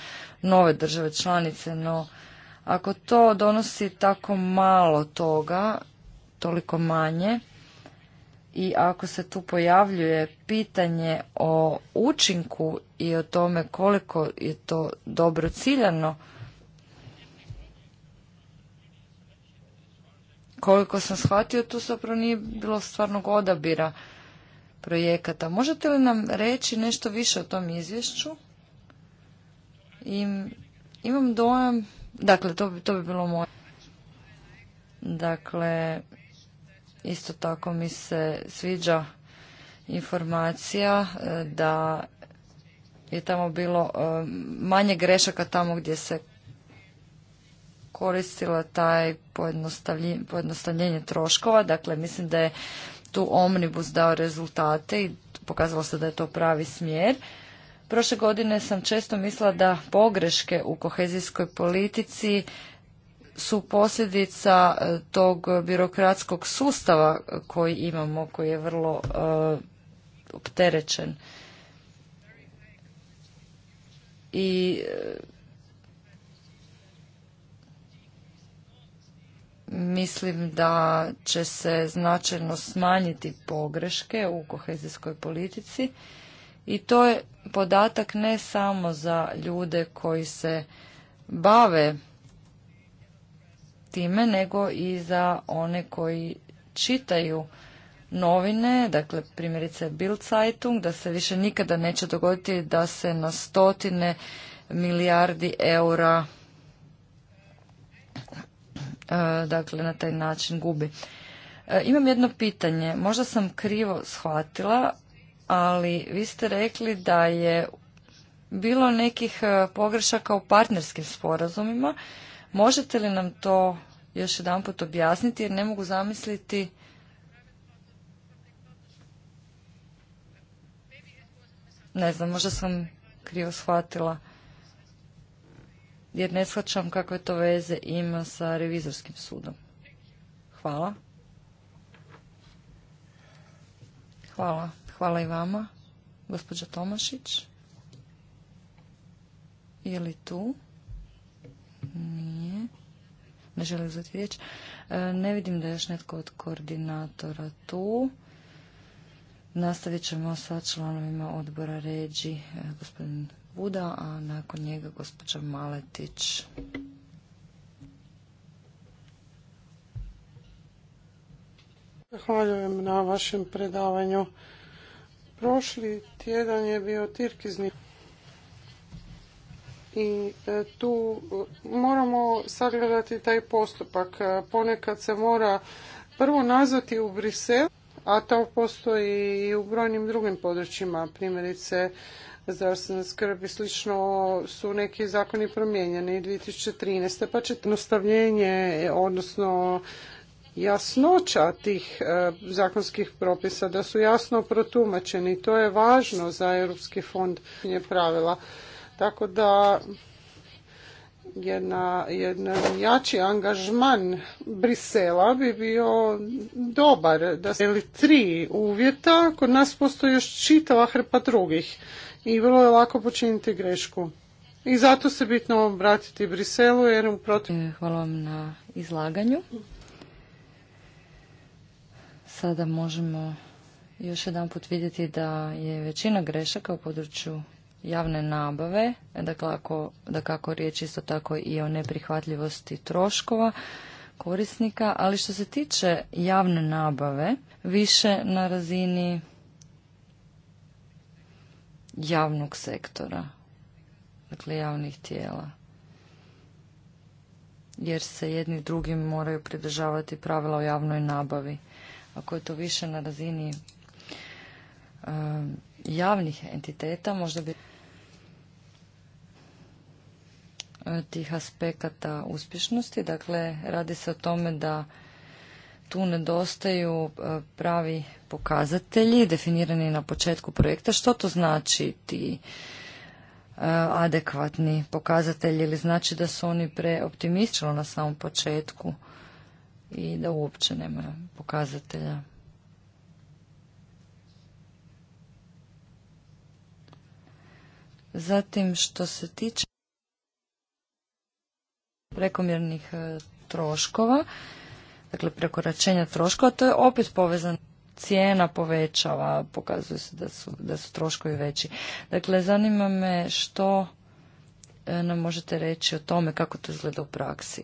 nove države članice, no ako to donosi tako malo toga, toliko manje, i ako se tu pojavljuje pitanje o učinku i o tome koliko je to dobro ciljano, koliko sam shvatio, tu zapravo nije bilo stvarnog odabira projekata. Možete li nam reći nešto više o tom izvješću? imam dojam, dakle, to bi, to bi bilo moje. Dakle, Isto tako mi se sviđa informacija e, da je tamo bilo e, manje grešaka tamo gdje se koristila taj pojednostavljenje troškova. Dakle, mislim da je tu Omnibus dao rezultate i pokazalo se da je to pravi smjer. Prošle godine sam često mislila da pogreške u kohezijskoj politici su posljedica e, tog birokratskog sustava koji imamo, koji je vrlo e, opterećen. I e, mislim da će se značajno smanjiti pogreške u kohezijskoj politici i to je podatak ne samo za ljude koji se bave time, nego i za one koji čitaju novine, dakle primjerice Bild Zeitung, da se više nikada neće dogoditi da se na stotine milijardi eura e, dakle na taj način gubi. E, imam jedno pitanje, možda sam krivo shvatila, ali vi ste rekli da je bilo nekih e, pogrešaka u partnerskim sporazumima Možete li nam to još jedanput objasniti jer ne mogu zamisliti ne znam, možda sam krivo shvatila jer ne shvaćam kakve to veze ima sa revizorskim sudom. Hvala. Hvala. Hvala i vama. Gospođa Tomašić. Je li tu? Nije ne želi uzeti riječ. E, ne vidim da je još netko od koordinatora tu. Nastavit ćemo sa članovima odbora ređi e, gospodin Buda, a nakon njega gospođa Maletić. Zahvaljujem na vašem predavanju. Prošli tjedan je bio tirkizni i e, tu moramo sagledati taj postupak. E, ponekad se mora prvo nazvati u Brisel, a to postoji i u brojnim drugim područjima, primjerice zdravstvene skrbi slično su neki zakoni promijenjeni 2013. pa će nastavljenje, odnosno jasnoća tih e, zakonskih propisa da su jasno protumačeni. To je važno za Europski fond pravila. Tako da jedna, jedan jači angažman Brisela bi bio dobar. Da se ili tri uvjeta, kod nas postoji još čitava hrpa drugih i vrlo je lako počiniti grešku. I zato se bitno obratiti Briselu jer u protiv... E, hvala vam na izlaganju. Sada možemo još jedan put vidjeti da je većina grešaka u području javne nabave, dakle da kako riječ isto tako i o neprihvatljivosti troškova korisnika, ali što se tiče javne nabave, više na razini javnog sektora, dakle javnih tijela. Jer se jedni drugim moraju pridržavati pravila o javnoj nabavi. Ako je to više na razini eh, javnih entiteta, možda bi tih aspekata uspješnosti. Dakle, radi se o tome da tu nedostaju e, pravi pokazatelji definirani na početku projekta. Što to znači ti e, adekvatni pokazatelji ili znači da su oni preoptimistično na samom početku i da uopće nema pokazatelja? Zatim što se tiče prekomjernih e, troškova, dakle prekoračenja troškova, to je opet povezano cijena povećava, pokazuje se da su, da su troškovi veći. Dakle, zanima me što e, nam možete reći o tome kako to izgleda u praksi.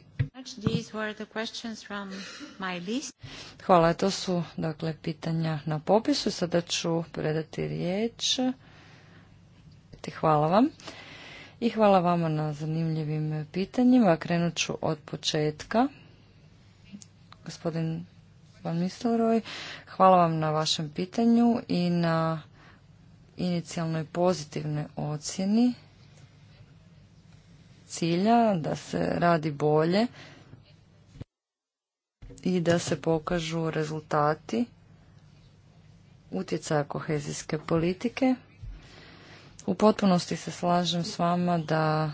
Hvala, to su dakle pitanja na popisu. Sada ću predati riječ. Hvala vam i hvala vama na zanimljivim pitanjima. Krenut ću od početka. Gospodin Van Mistelroj, hvala vam na vašem pitanju i na inicijalnoj pozitivnoj ocjeni cilja da se radi bolje i da se pokažu rezultati utjecaja kohezijske politike u potpunosti se slažem s vama da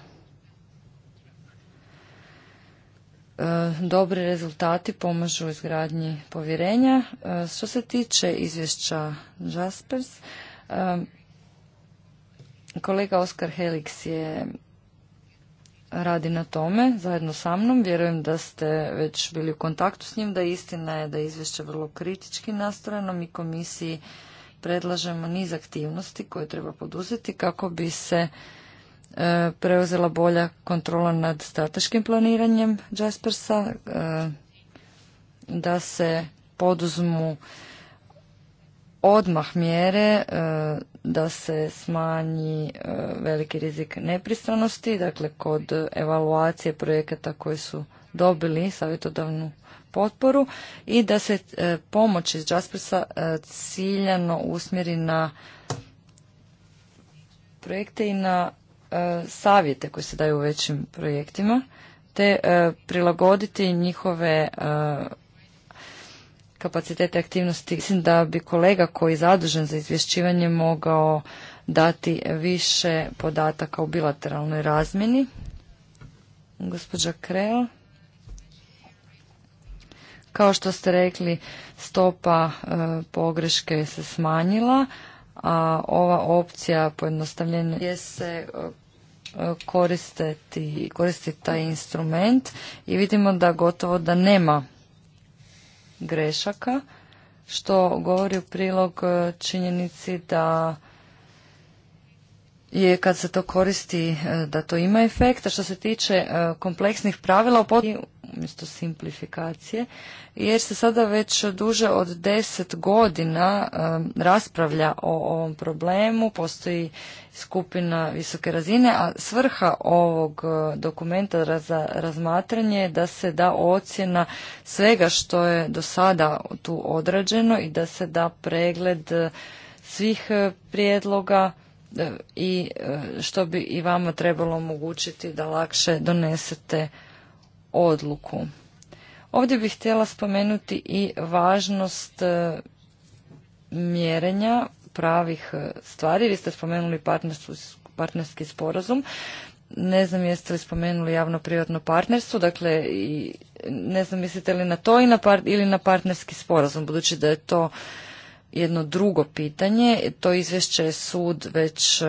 e, dobri rezultati pomažu u izgradnji povjerenja. E, što se tiče izvješća Jaspers, e, kolega Oskar Helix je radi na tome zajedno sa mnom. Vjerujem da ste već bili u kontaktu s njim, da istina je da je izvješće vrlo kritički nastrojeno. Mi komisiji predlažemo niz aktivnosti koje treba poduzeti kako bi se e, preuzela bolja kontrola nad strateškim planiranjem Jaspersa, e, da se poduzmu odmah mjere e, da se smanji veliki rizik nepristranosti, dakle kod evaluacije projekata koji su dobili savjetodavnu potporu i da se e, pomoć iz Jaspersa e, ciljano usmjeri na projekte i na e, savjete koji se daju u većim projektima, te prilagoditi njihove kapacitete aktivnosti. Mislim da bi kolega koji je zadužen za izvješćivanje mogao dati više podataka u bilateralnoj razmjeni. Gospođa Krel. Kao što ste rekli, stopa e, pogreške se smanjila, a ova opcija pojednostavljenja je se e, koristiti, koristi taj instrument i vidimo da gotovo da nema grešaka, što govori u prilog e, činjenici da je kad se to koristi da to ima efekta. Što se tiče kompleksnih pravila, umjesto simplifikacije, jer se sada već duže od deset godina raspravlja o ovom problemu, postoji skupina visoke razine, a svrha ovog e, dokumenta za razmatranje je da se da ocjena svega što je do sada tu odrađeno i da se da pregled e, svih e, prijedloga i što bi i vama trebalo omogućiti da lakše donesete odluku. Ovdje bih htjela spomenuti i važnost e, mjerenja pravih e, stvari. Vi ste spomenuli partnerski sporazum. Ne znam jeste li spomenuli javno-privatno partnerstvo, dakle i ne znam mislite li na to ili na partnerski sporazum, budući da je to jedno drugo pitanje. To izvješće je sud već e,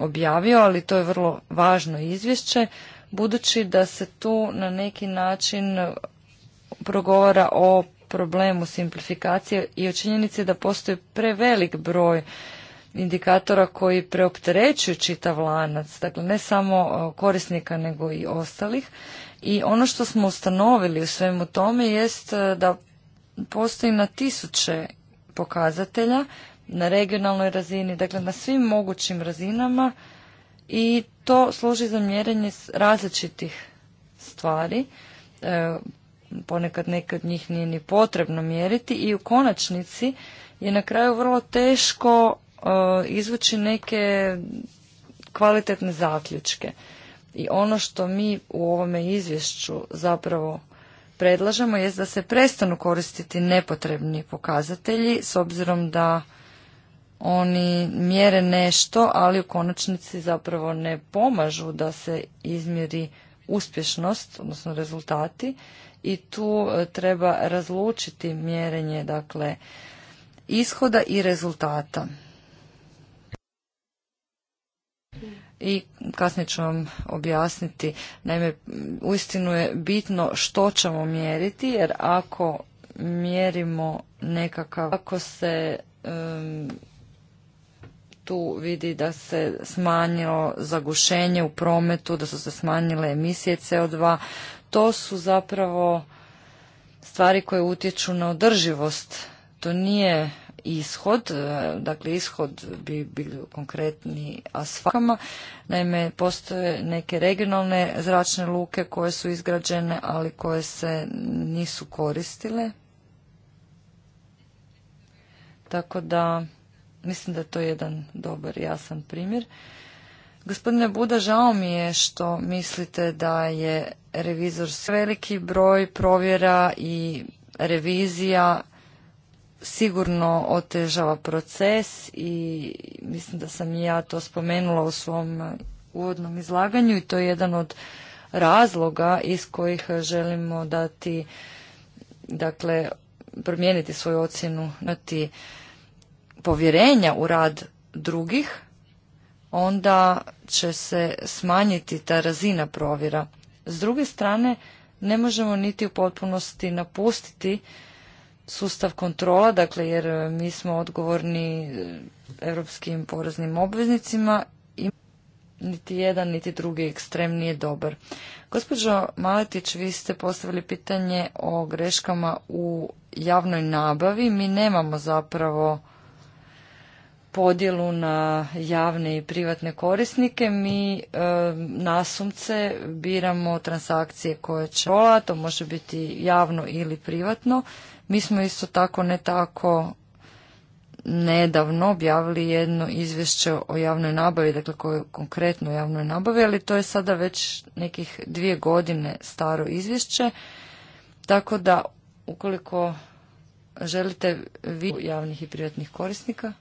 objavio, ali to je vrlo važno izvješće budući da se tu na neki način progovara o problemu simplifikacije i o činjenici da postoji prevelik broj indikatora koji preopterećuju čitav lanac, dakle ne samo e, korisnika nego i ostalih. I ono što smo ustanovili u svemu tome jest e, da postoji na tisuće pokazatelja na regionalnoj razini, dakle na svim mogućim razinama i to služi za mjerenje različitih stvari. E, ponekad nekad njih nije ni potrebno mjeriti i u konačnici je na kraju vrlo teško e, izvući neke kvalitetne zaključke. I ono što mi u ovome izvješću zapravo predlažemo je da se prestanu koristiti nepotrebni pokazatelji s obzirom da oni mjere nešto, ali u konačnici zapravo ne pomažu da se izmjeri uspješnost, odnosno rezultati i tu e, treba razlučiti mjerenje dakle ishoda i rezultata. I kasnije ću vam objasniti, naime, uistinu je bitno što ćemo mjeriti, jer ako mjerimo nekakav, ako se tu vidi da se smanjilo zagušenje u prometu, da su se smanjile emisije CO2. To su zapravo stvari koje utječu na održivost. To nije ishod, e, dakle ishod bi bili konkretni asfakama. Naime, postoje neke regionalne zračne luke koje su izgrađene, ali koje se nisu koristile. Tako da Mislim da je to jedan dobar, jasan primjer. Gospodine Buda, žao mi je što mislite da je revizor veliki broj provjera i revizija sigurno otežava proces i mislim da sam i ja to spomenula u svom uvodnom izlaganju i to je jedan od razloga iz kojih želimo dati dakle promijeniti svoju ocjenu na ti povjerenja u rad drugih, onda će se smanjiti ta razina provjera. S druge strane, ne možemo niti u potpunosti napustiti sustav kontrola, dakle jer e, mi smo odgovorni e, europskim poreznim obveznicima i niti jedan niti drugi ekstrem nije dobar. Gospođo Maletić, vi ste postavili pitanje o greškama u javnoj nabavi. Mi nemamo zapravo podjelu na javne i privatne korisnike, mi e, nasumce biramo transakcije koje će rola, to može biti javno ili privatno. Mi smo isto tako ne tako nedavno objavili jedno izvješće o javnoj nabavi, dakle koje je konkretno o javnoj nabavi, ali to je sada već nekih dvije godine staro izvješće, tako da ukoliko želite vi javnih i privatnih korisnika,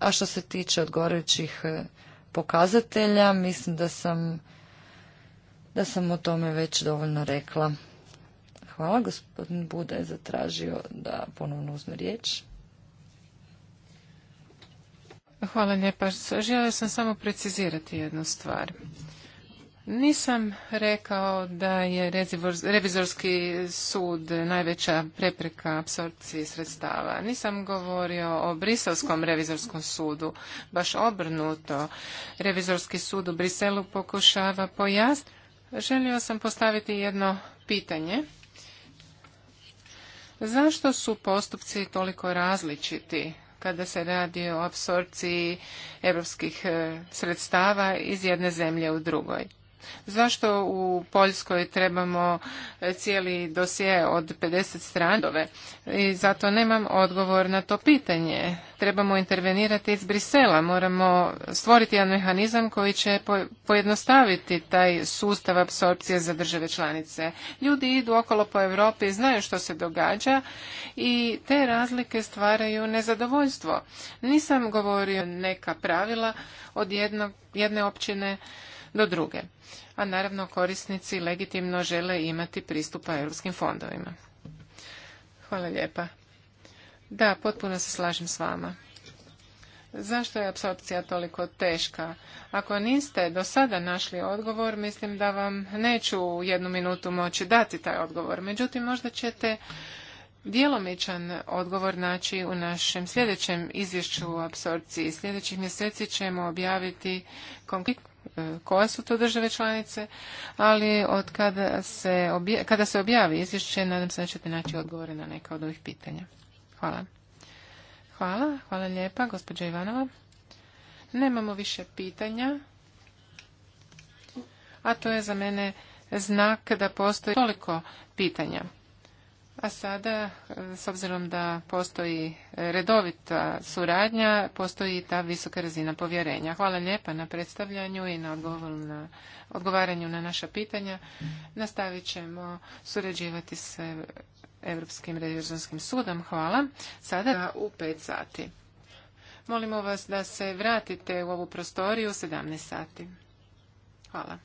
a što se tiče odgovarajućih e, pokazatelja, mislim da sam, da sam o tome već dovoljno rekla. Hvala, gospodin Buda je zatražio da ponovno uzme riječ. Hvala lijepa. Željela sam samo precizirati jednu stvar. Nisam rekao da je revizorski sud najveća prepreka apsorpciji sredstava. Nisam govorio o Briselskom revizorskom sudu, baš obrnuto. Revizorski sud u Briselu pokušava pojasniti. Želio sam postaviti jedno pitanje. Zašto su postupci toliko različiti kada se radi o apsorpciji europskih eh, sredstava iz jedne zemlje u drugoj? Zašto u Poljskoj trebamo e, cijeli dosije od 50 stranove? I zato nemam odgovor na to pitanje. Trebamo intervenirati iz Brisela, moramo stvoriti jedan mehanizam koji će pojednostaviti taj sustav apsorpcije za države članice. Ljudi idu okolo po Europi, znaju što se događa i te razlike stvaraju nezadovoljstvo. Nisam govorio neka pravila od jedne općine do druge. A naravno korisnici legitimno žele imati pristupa europskim fondovima. Hvala lijepa. Da, potpuno se slažem s vama. Zašto je apsorpcija toliko teška? Ako niste do sada našli odgovor, mislim da vam neću u jednu minutu moći dati taj odgovor. Međutim, možda ćete djelomičan odgovor naći u našem sljedećem izvješću o apsorpciji. Sljedećih mjeseci ćemo objaviti E, koje su to države članice, ali od kada se, kada se objavi izvješće, nadam se da ćete naći odgovore na neka od ovih pitanja. Hvala. Hvala, hvala lijepa, gospođa Ivanova. Nemamo više pitanja, a to je za mene znak da postoji toliko pitanja. A sada, e, s obzirom da postoji redovita suradnja, postoji ta visoka razina povjerenja. Hvala lijepa na predstavljanju i na, na odgovaranju na naša pitanja. Nastavit ćemo surađivati s Europskim revizorskim sudom. Hvala. Sada u pet sati. Molimo vas da se vratite u ovu prostoriju u 17 sati. Hvala.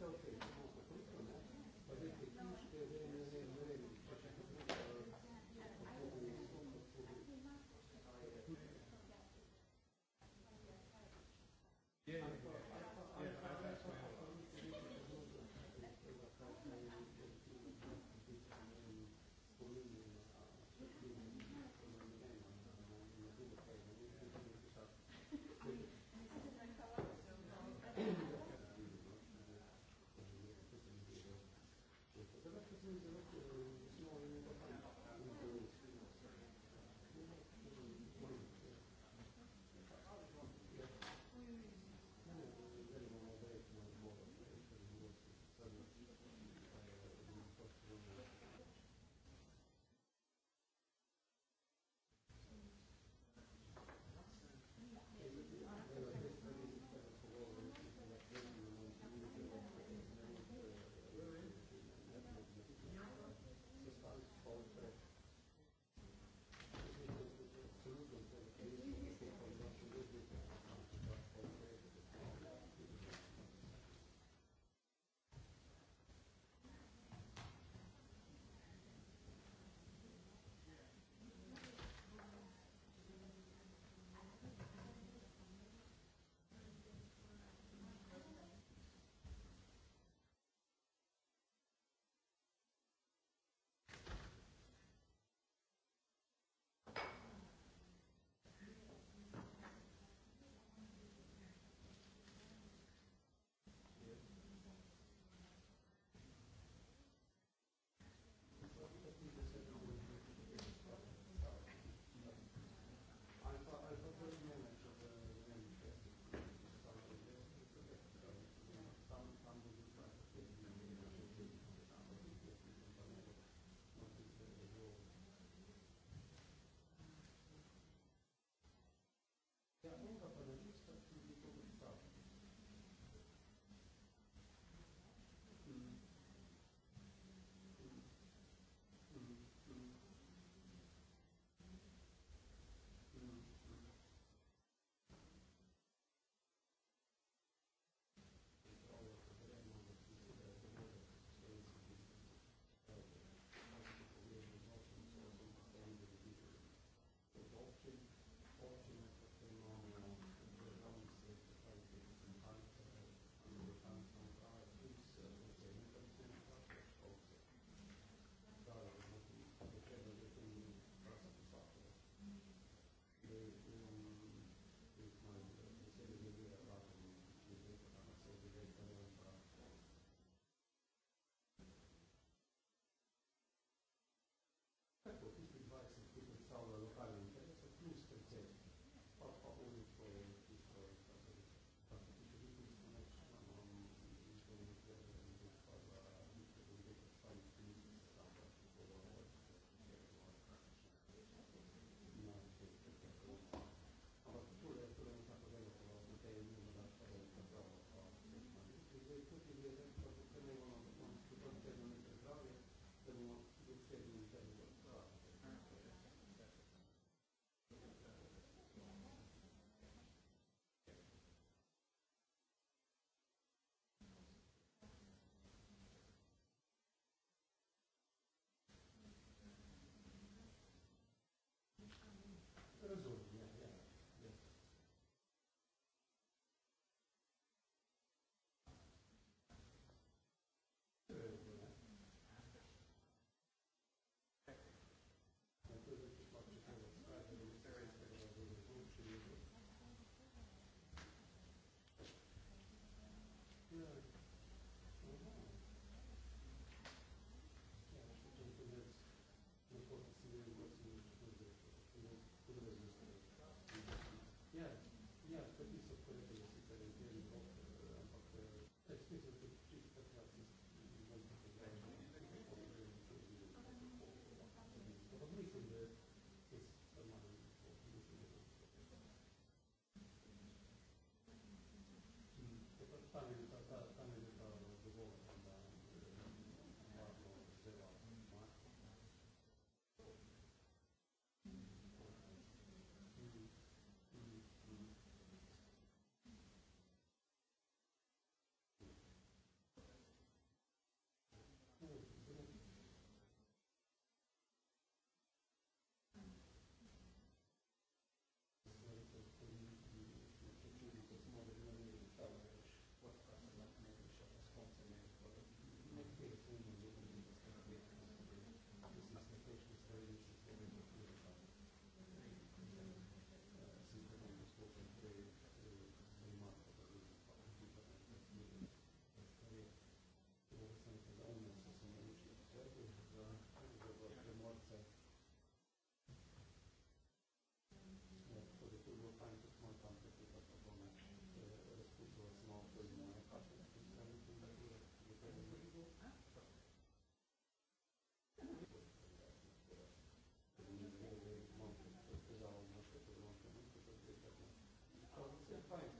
vam Hvala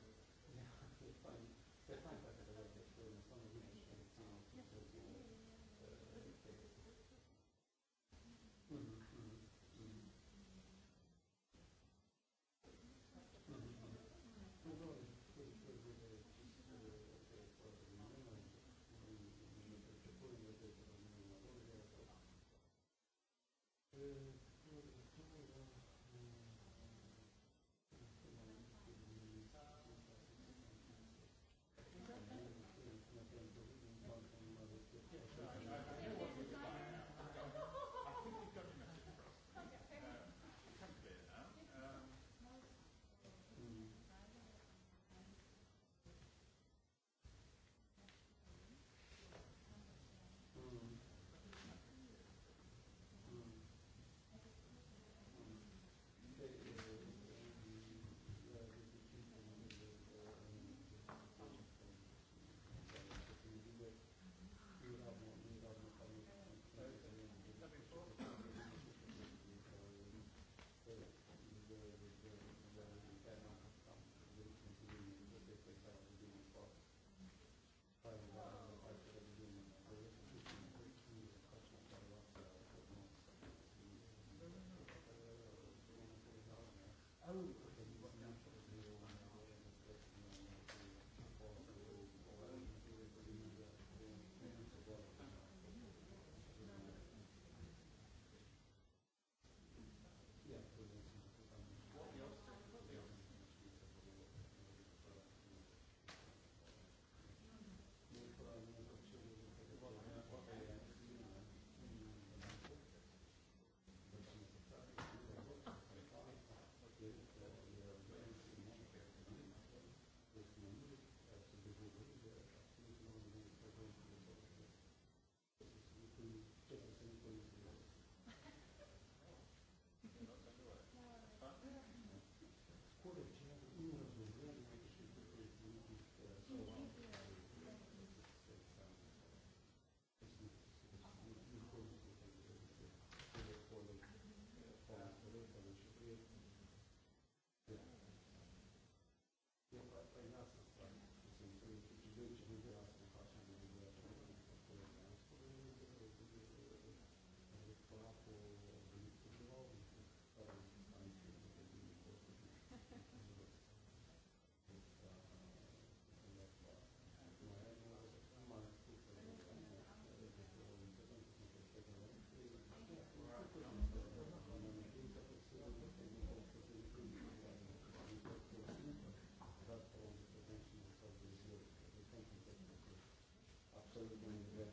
absolutamente bene,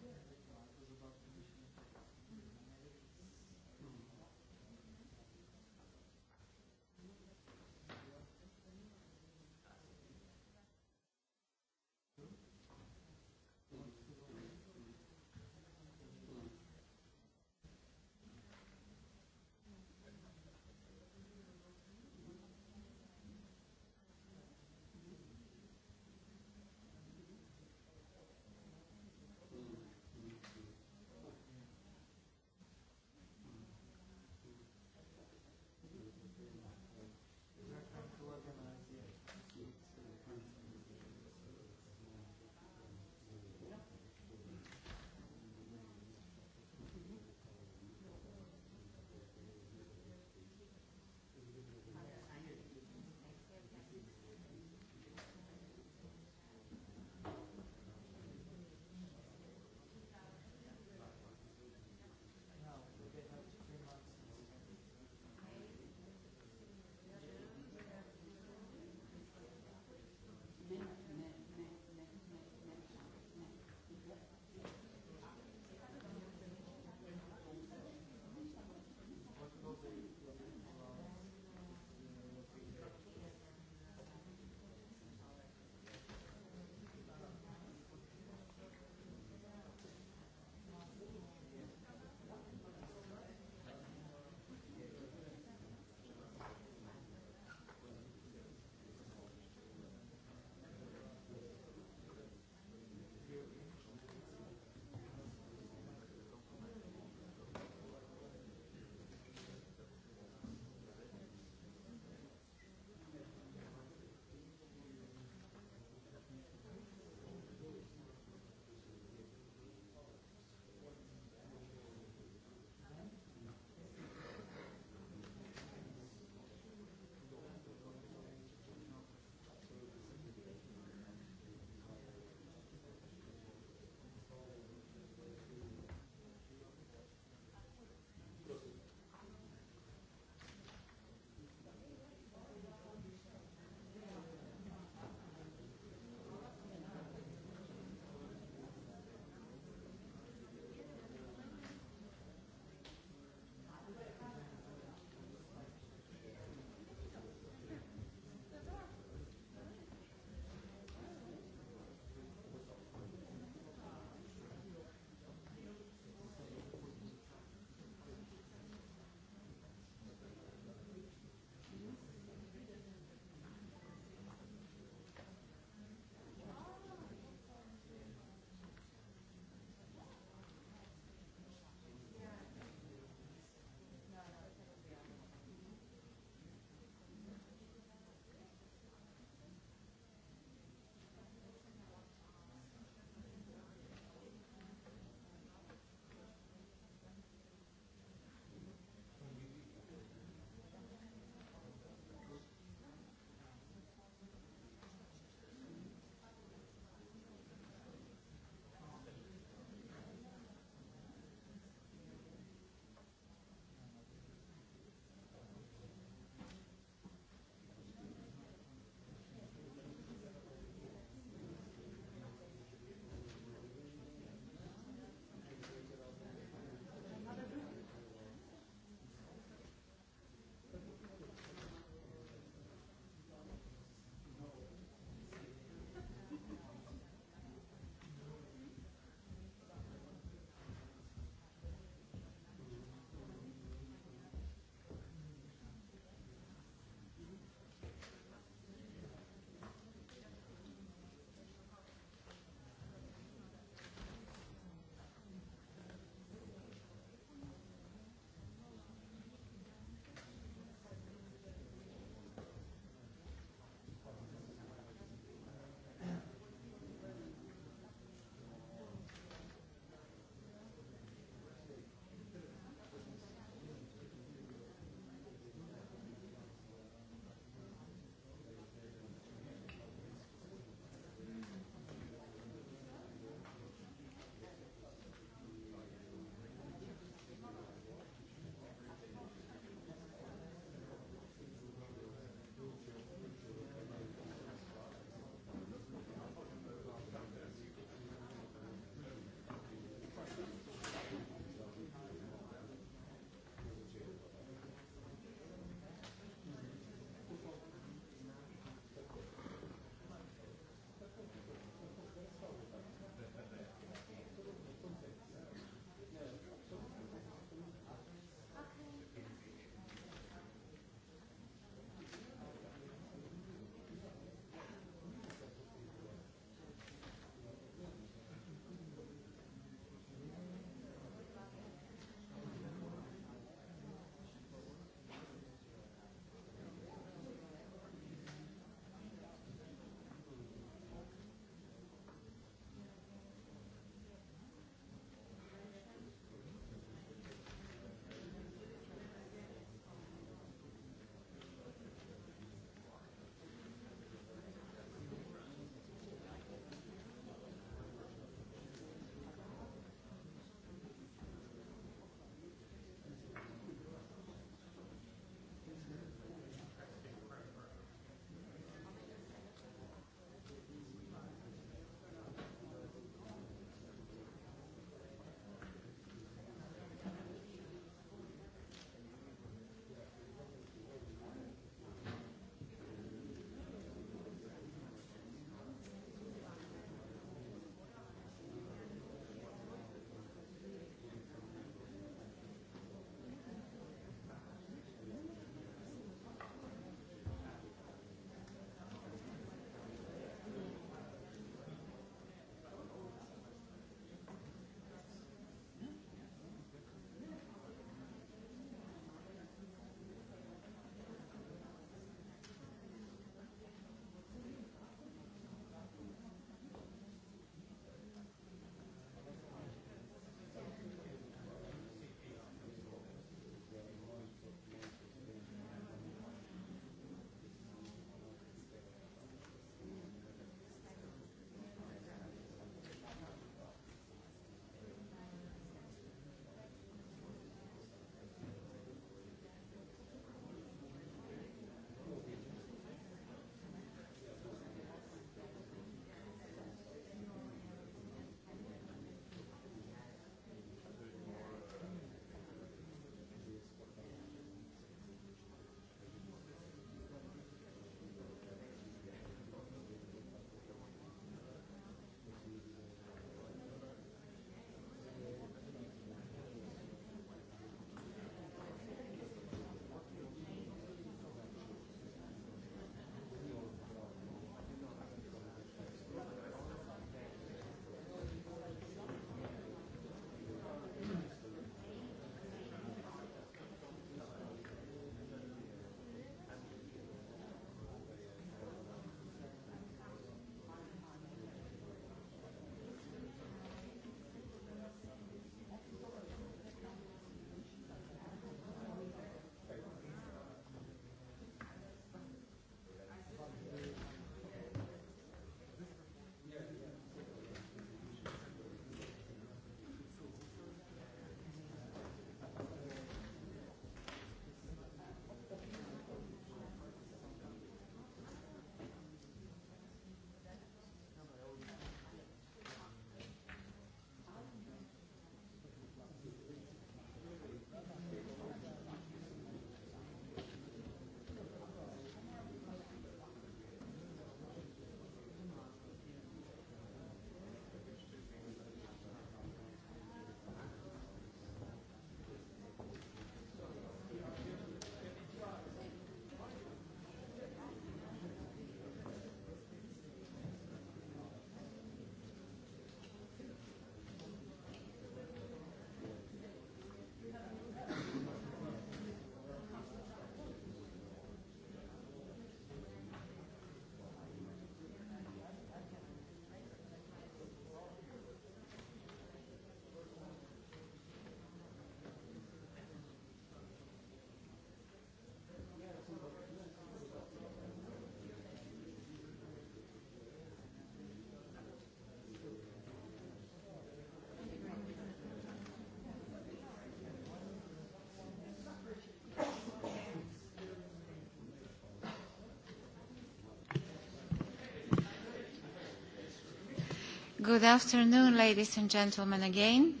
Good afternoon, ladies and gentlemen, again.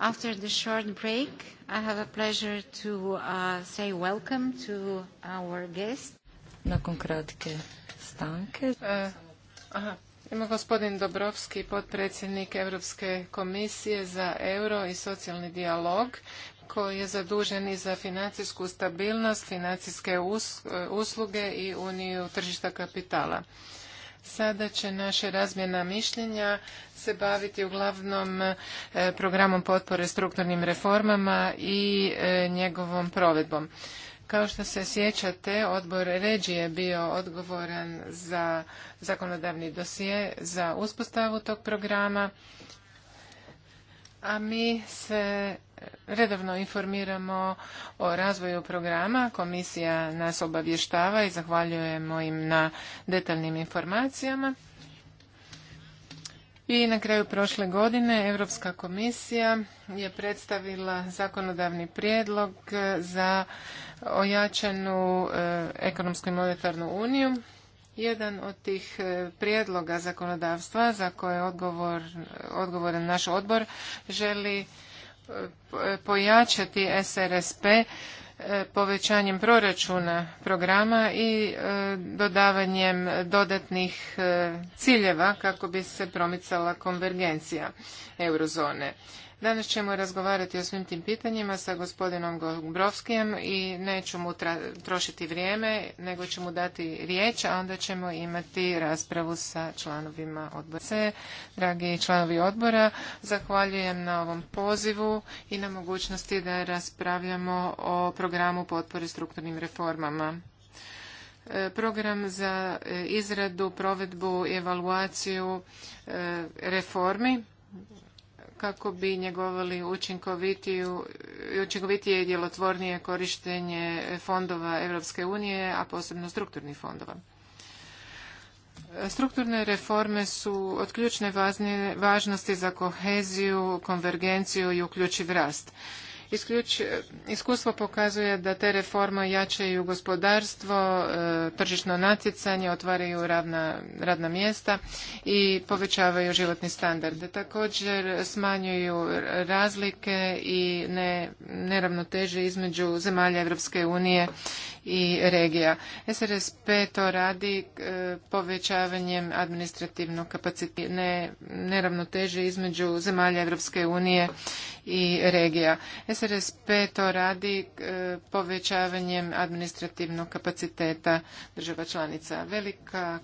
After the short break, I have a pleasure to uh, say welcome to our guest. Nakon kratke stanke. E, ima gospodin Dobrovski, potpredsjednik Europske komisije za euro i socijalni dijalog, koji je zadužen i za financijsku stabilnost, financijske e, usluge i uniju tržišta kapitala. Sada će naša razmjena mišljenja se baviti uglavnom e, programom potpore strukturnim reformama i e, njegovom provedbom. Kao što se sjećate, odbor Ređi je bio odgovoran za zakonodavni dosije za uspostavu tog programa, a mi se redovno informiramo o razvoju programa. Komisija nas obavještava i zahvaljujemo im na detaljnim informacijama. I na kraju prošle godine Europska komisija je predstavila zakonodavni prijedlog za ojačanu e, ekonomsku i monetarnu uniju. Jedan od tih e, prijedloga zakonodavstva za koje je odgovoran naš odbor želi pojačati SRSP e, povećanjem proračuna programa i e, dodavanjem dodatnih e, ciljeva kako bi se promicala konvergencija eurozone. Danas ćemo razgovarati o svim tim pitanjima sa gospodinom Gombrovskijem i neću mu trošiti vrijeme, nego ću mu dati riječ, a onda ćemo imati raspravu sa članovima odbora. Dragi članovi odbora, zahvaljujem na ovom pozivu i na mogućnosti da raspravljamo o programu potpore strukturnim reformama. E, program za e, izradu, provedbu i evaluaciju e, reformi kako bi njegovali učinkovitije i djelotvornije korištenje fondova Europske unije, a posebno strukturnih fondova. Strukturne reforme su od ključne važnosti za koheziju, konvergenciju i uključiv rast iskustvo pokazuje da te reforme jačaju gospodarstvo, e, tržišno natjecanje, otvaraju radna mjesta i povećavaju životni standard. Također smanjuju razlike i neravnoteže između zemalja Europske unije i regija. SRSP to radi e, povećavanjem administrativnog kapaciteta neravnoteže između zemalja Europske unije i regija. SRSP to radi e, povećavanjem administrativnog kapaciteta država članica. Velika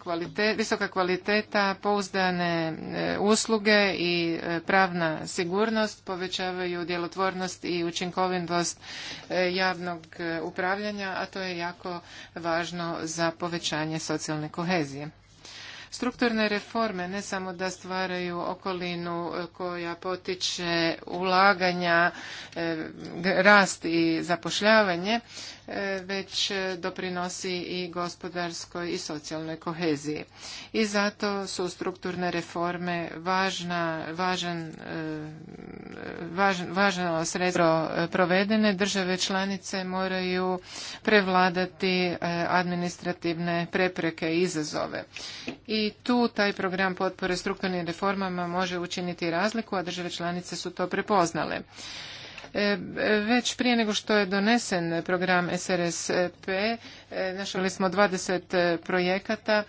visoka kvaliteta, pouzdane e, usluge i pravna sigurnost povećavaju djelotvornost i učinkovitost javnog upravljanja, a to je je jako važno za povećanje socijalne kohezije. Strukturne reforme ne samo da stvaraju okolinu e, koja potiče ulaganja, e, rast i zapošljavanje, e, već doprinosi i gospodarskoj i socijalnoj koheziji. I zato su strukturne reforme važna, važan važno sredstvo e, provedene, države članice moraju prevladati e, administrativne prepreke i izazove. I tu taj program potpore strukturnim reformama može učiniti razliku, a države članice su to prepoznale. E, već prije nego što je donesen program SRSP, našli smo 20 projekata,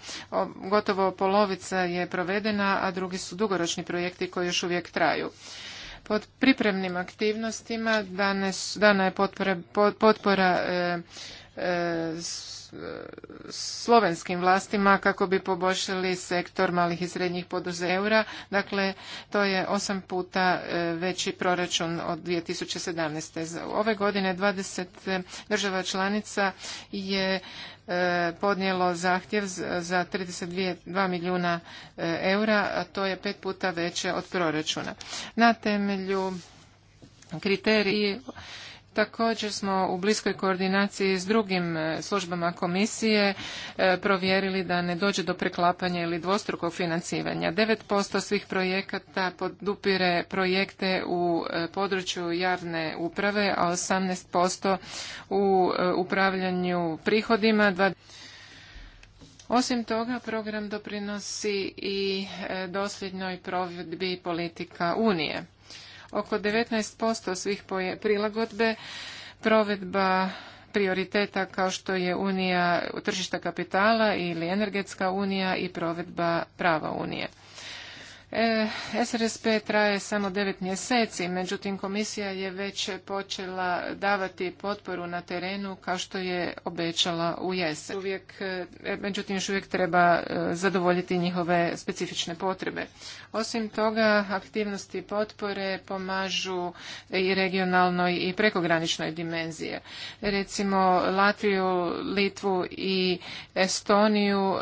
gotovo polovica je provedena, a drugi su dugoročni projekti koji još uvijek traju. Pod pripremnim aktivnostima danas, dana je potpora, potpora e, E, slovenskim vlastima kako bi poboljšali sektor malih i srednjih poduzeura. Dakle, to je osam puta e, veći proračun od 2017. Za ove godine 20 e, država članica je podnijelo zahtjev za 32 milijuna eura, a to je pet puta veće od proračuna. Na temelju kriteriji Također smo u bliskoj koordinaciji s drugim e, službama komisije e, provjerili da ne dođe do preklapanja ili dvostrukog financiranja. 9% svih projekata podupire projekte u e, području javne uprave, a 18% u upravljanju prihodima, Osim toga, program doprinosi i dosljednoj provedbi politika Unije oko 19% svih prilagodbe provedba prioriteta kao što je unija tržišta kapitala ili energetska unija i provedba prava unije. Eh, SRSP traje samo devet mjeseci, međutim komisija je već počela davati potporu na terenu kao što je obećala u jesen. Uvijek, eh, eh, međutim, još uvijek treba zadovoljiti njihove specifične potrebe. Osim toga, aktivnosti potpore pomažu i regionalnoj i prekograničnoj dimenzije. Recimo, Latviju, Litvu i Estoniju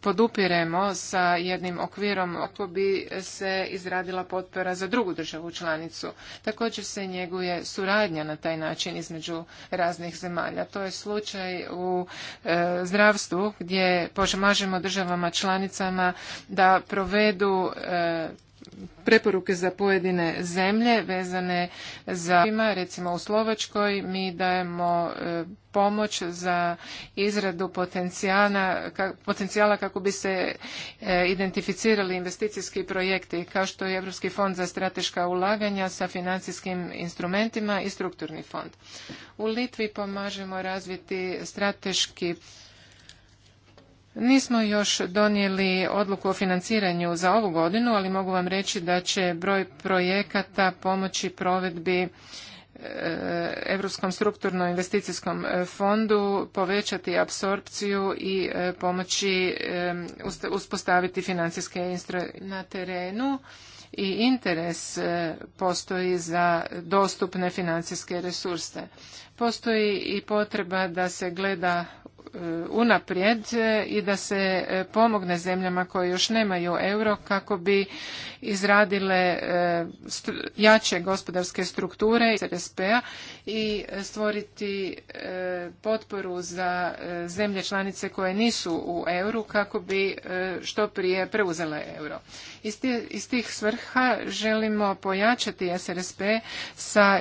podupiremo sa jednim okvirom oko bi se izradila potpora za drugu državu članicu. Također se njeguje suradnja na taj način između raznih zemalja. To je slučaj u e, zdravstvu gdje pomažemo državama članicama da provedu e, preporuke za pojedine zemlje vezane za recimo u Slovačkoj mi dajemo e, pomoć za izradu potencijala kako bi se e, identificirali investicijski projekti kao što je Europski fond za strateška ulaganja sa financijskim instrumentima i strukturni fond. U Litvi pomažemo razviti strateški Nismo još donijeli odluku o financiranju za ovu godinu, ali mogu vam reći da će broj projekata pomoći provedbi e, Europskom strukturnom investicijskom e, fondu povećati apsorpciju i e, pomoći uspostaviti financijske instrumente na terenu i interes postoji za dostupne financijske resurse. Postoji i potreba da se gleda E, unaprijed e, i da se e, pomogne zemljama koje još nemaju euro kako bi izradile jače gospodarske strukture srsp a i stvoriti potporu za zemlje članice koje nisu u euru kako bi što prije preuzele euro. Iz tih svrha želimo pojačati SRSP sa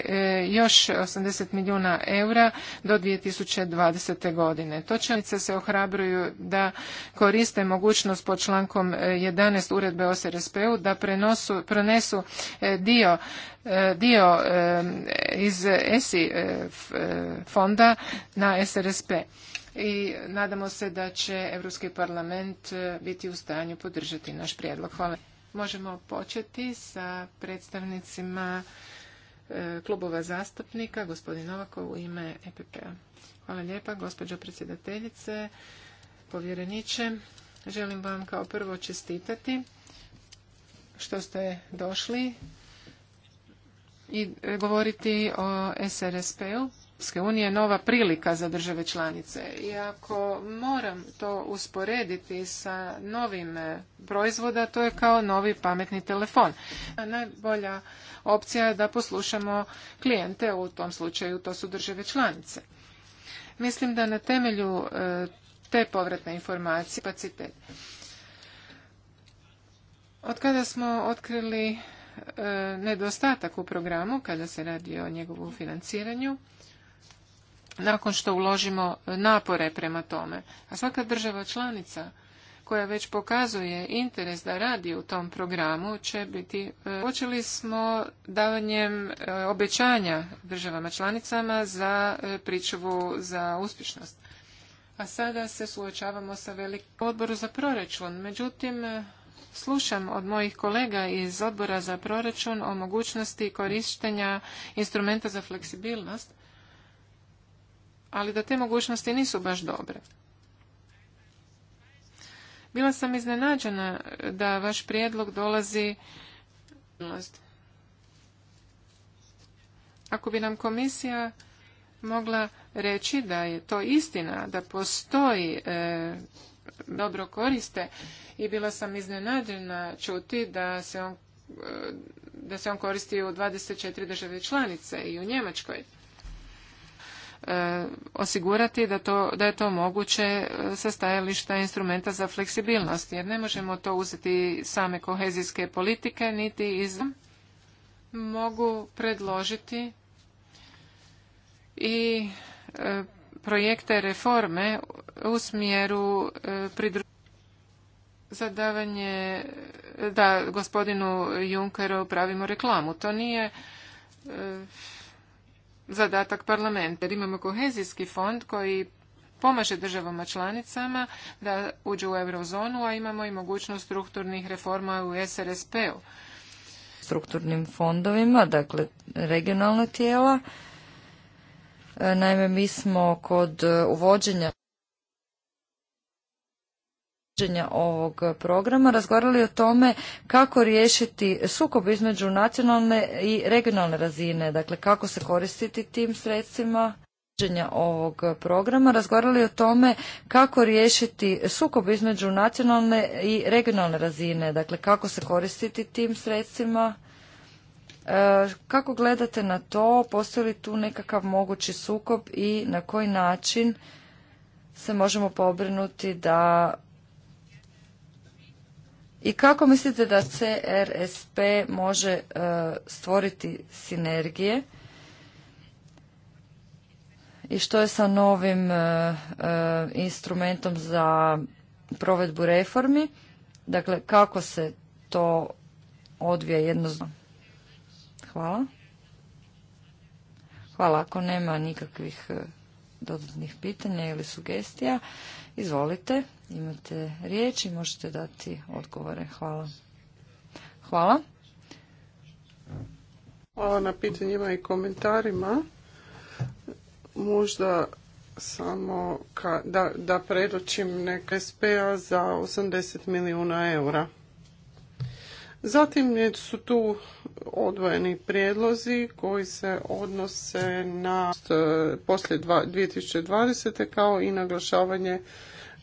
još 80 milijuna eura do 2020. godine. To otočanice se ohrabruju da koriste mogućnost pod člankom 11 e, uredbe o SRSP-u da pronesu prenesu dio e, dio e, iz ESI fonda na SRSP i nadamo se da će Europski parlament biti u stanju podržati naš prijedlog. Hvala. Možemo početi sa predstavnicima klubova zastupnika, gospodin Novakov u ime EPP-a. Hvala lijepa, gospođo predsjedateljice, povjereniče. Želim vam kao prvo čestitati što ste došli i govoriti o SRSP-u. unije nova prilika za države članice. I ako moram to usporediti sa novim proizvoda, to je kao novi pametni telefon. Najbolja opcija je da poslušamo klijente, u tom slučaju to su države članice. Mislim da na temelju e, te povratne informacije kapacitet. Od kada smo otkrili e, nedostatak u programu kada se radi o njegovom financiranju, nakon što uložimo napore prema tome, a svaka država članica koja već pokazuje interes da radi u tom programu će biti. E, počeli smo davanjem e, obećanja državama članicama za e, pričuvu za uspješnost. A sada se suočavamo sa velikim odboru za proračun. Međutim, slušam od mojih kolega iz odbora za proračun o mogućnosti korištenja instrumenta za fleksibilnost, ali da te mogućnosti nisu baš dobre. Bila sam iznenađena da vaš prijedlog dolazi ako bi nam komisija mogla reći da je to istina, da postoji e, dobro koriste i bila sam iznenađena čuti da se on, e, da se on koristi u 24 države članice i u Njemačkoj. Eh, osigurati da, to, da je to moguće eh, sa stajališta instrumenta za fleksibilnost, jer ne možemo to uzeti same kohezijske politike, niti iz... Mogu predložiti i eh, projekte reforme u smjeru pridruženja za da gospodinu Junkeru pravimo reklamu. To nije zadatak parlamenta. Jer imamo kohezijski fond koji pomaže državama članicama da uđu u eurozonu, a imamo i mogućnost strukturnih reforma u SRSP-u. Strukturnim fondovima, dakle regionalna tijela. E, naime, mi smo kod e, uvođenja ovog programa razgovarali o tome kako riješiti sukob između nacionalne i regionalne razine, dakle kako se koristiti tim sredstvima ovog programa razgovarali o tome kako riješiti sukob između nacionalne i regionalne razine, dakle kako se koristiti tim sredstvima. E, kako gledate na to, postoji li tu nekakav mogući sukob i na koji način se možemo pobrinuti da i kako mislite da CRSP može e, stvoriti sinergije i što je sa novim e, e, instrumentom za provedbu reformi? Dakle, kako se to odvija jednozno Hvala. Hvala. Ako nema nikakvih dodatnih pitanja ili sugestija, izvolite, imate riječ i možete dati odgovore. Hvala. Hvala. Hvala na pitanjima i komentarima. Možda samo da, da predočim neke SPA za 80 milijuna eura. Zatim su tu odvojeni prijedlozi koji se odnose na poslije 2020. kao i naglašavanje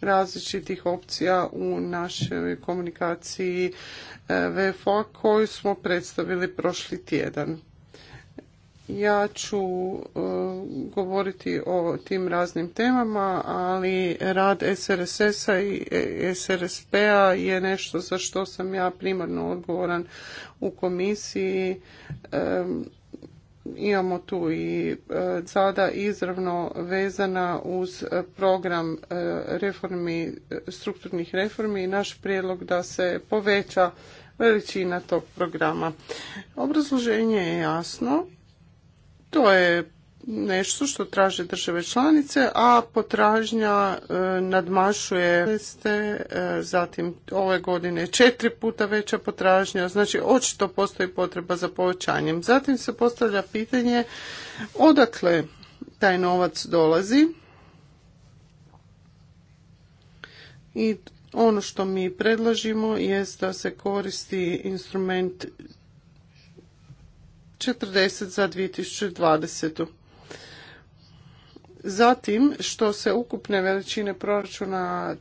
različitih opcija u našoj komunikaciji e, VFO koju smo predstavili prošli tjedan. Ja ću e, govoriti o tim raznim temama, ali rad SRSS-a i SRSP-a je nešto za što sam ja primarno odgovoran u komisiji. Imamo tu i e, zada izravno vezana uz program e, reformi, strukturnih reformi i naš prijedlog da se poveća veličina tog programa. Obrazloženje je jasno to je nešto što traže države članice, a potražnja e, nadmašuje e, zatim ove godine četiri puta veća potražnja, znači očito postoji potreba za povećanjem. Zatim se postavlja pitanje odakle taj novac dolazi i ono što mi predlažimo jest da se koristi instrument 40 za 2020. Zatim, što se ukupne veličine proračuna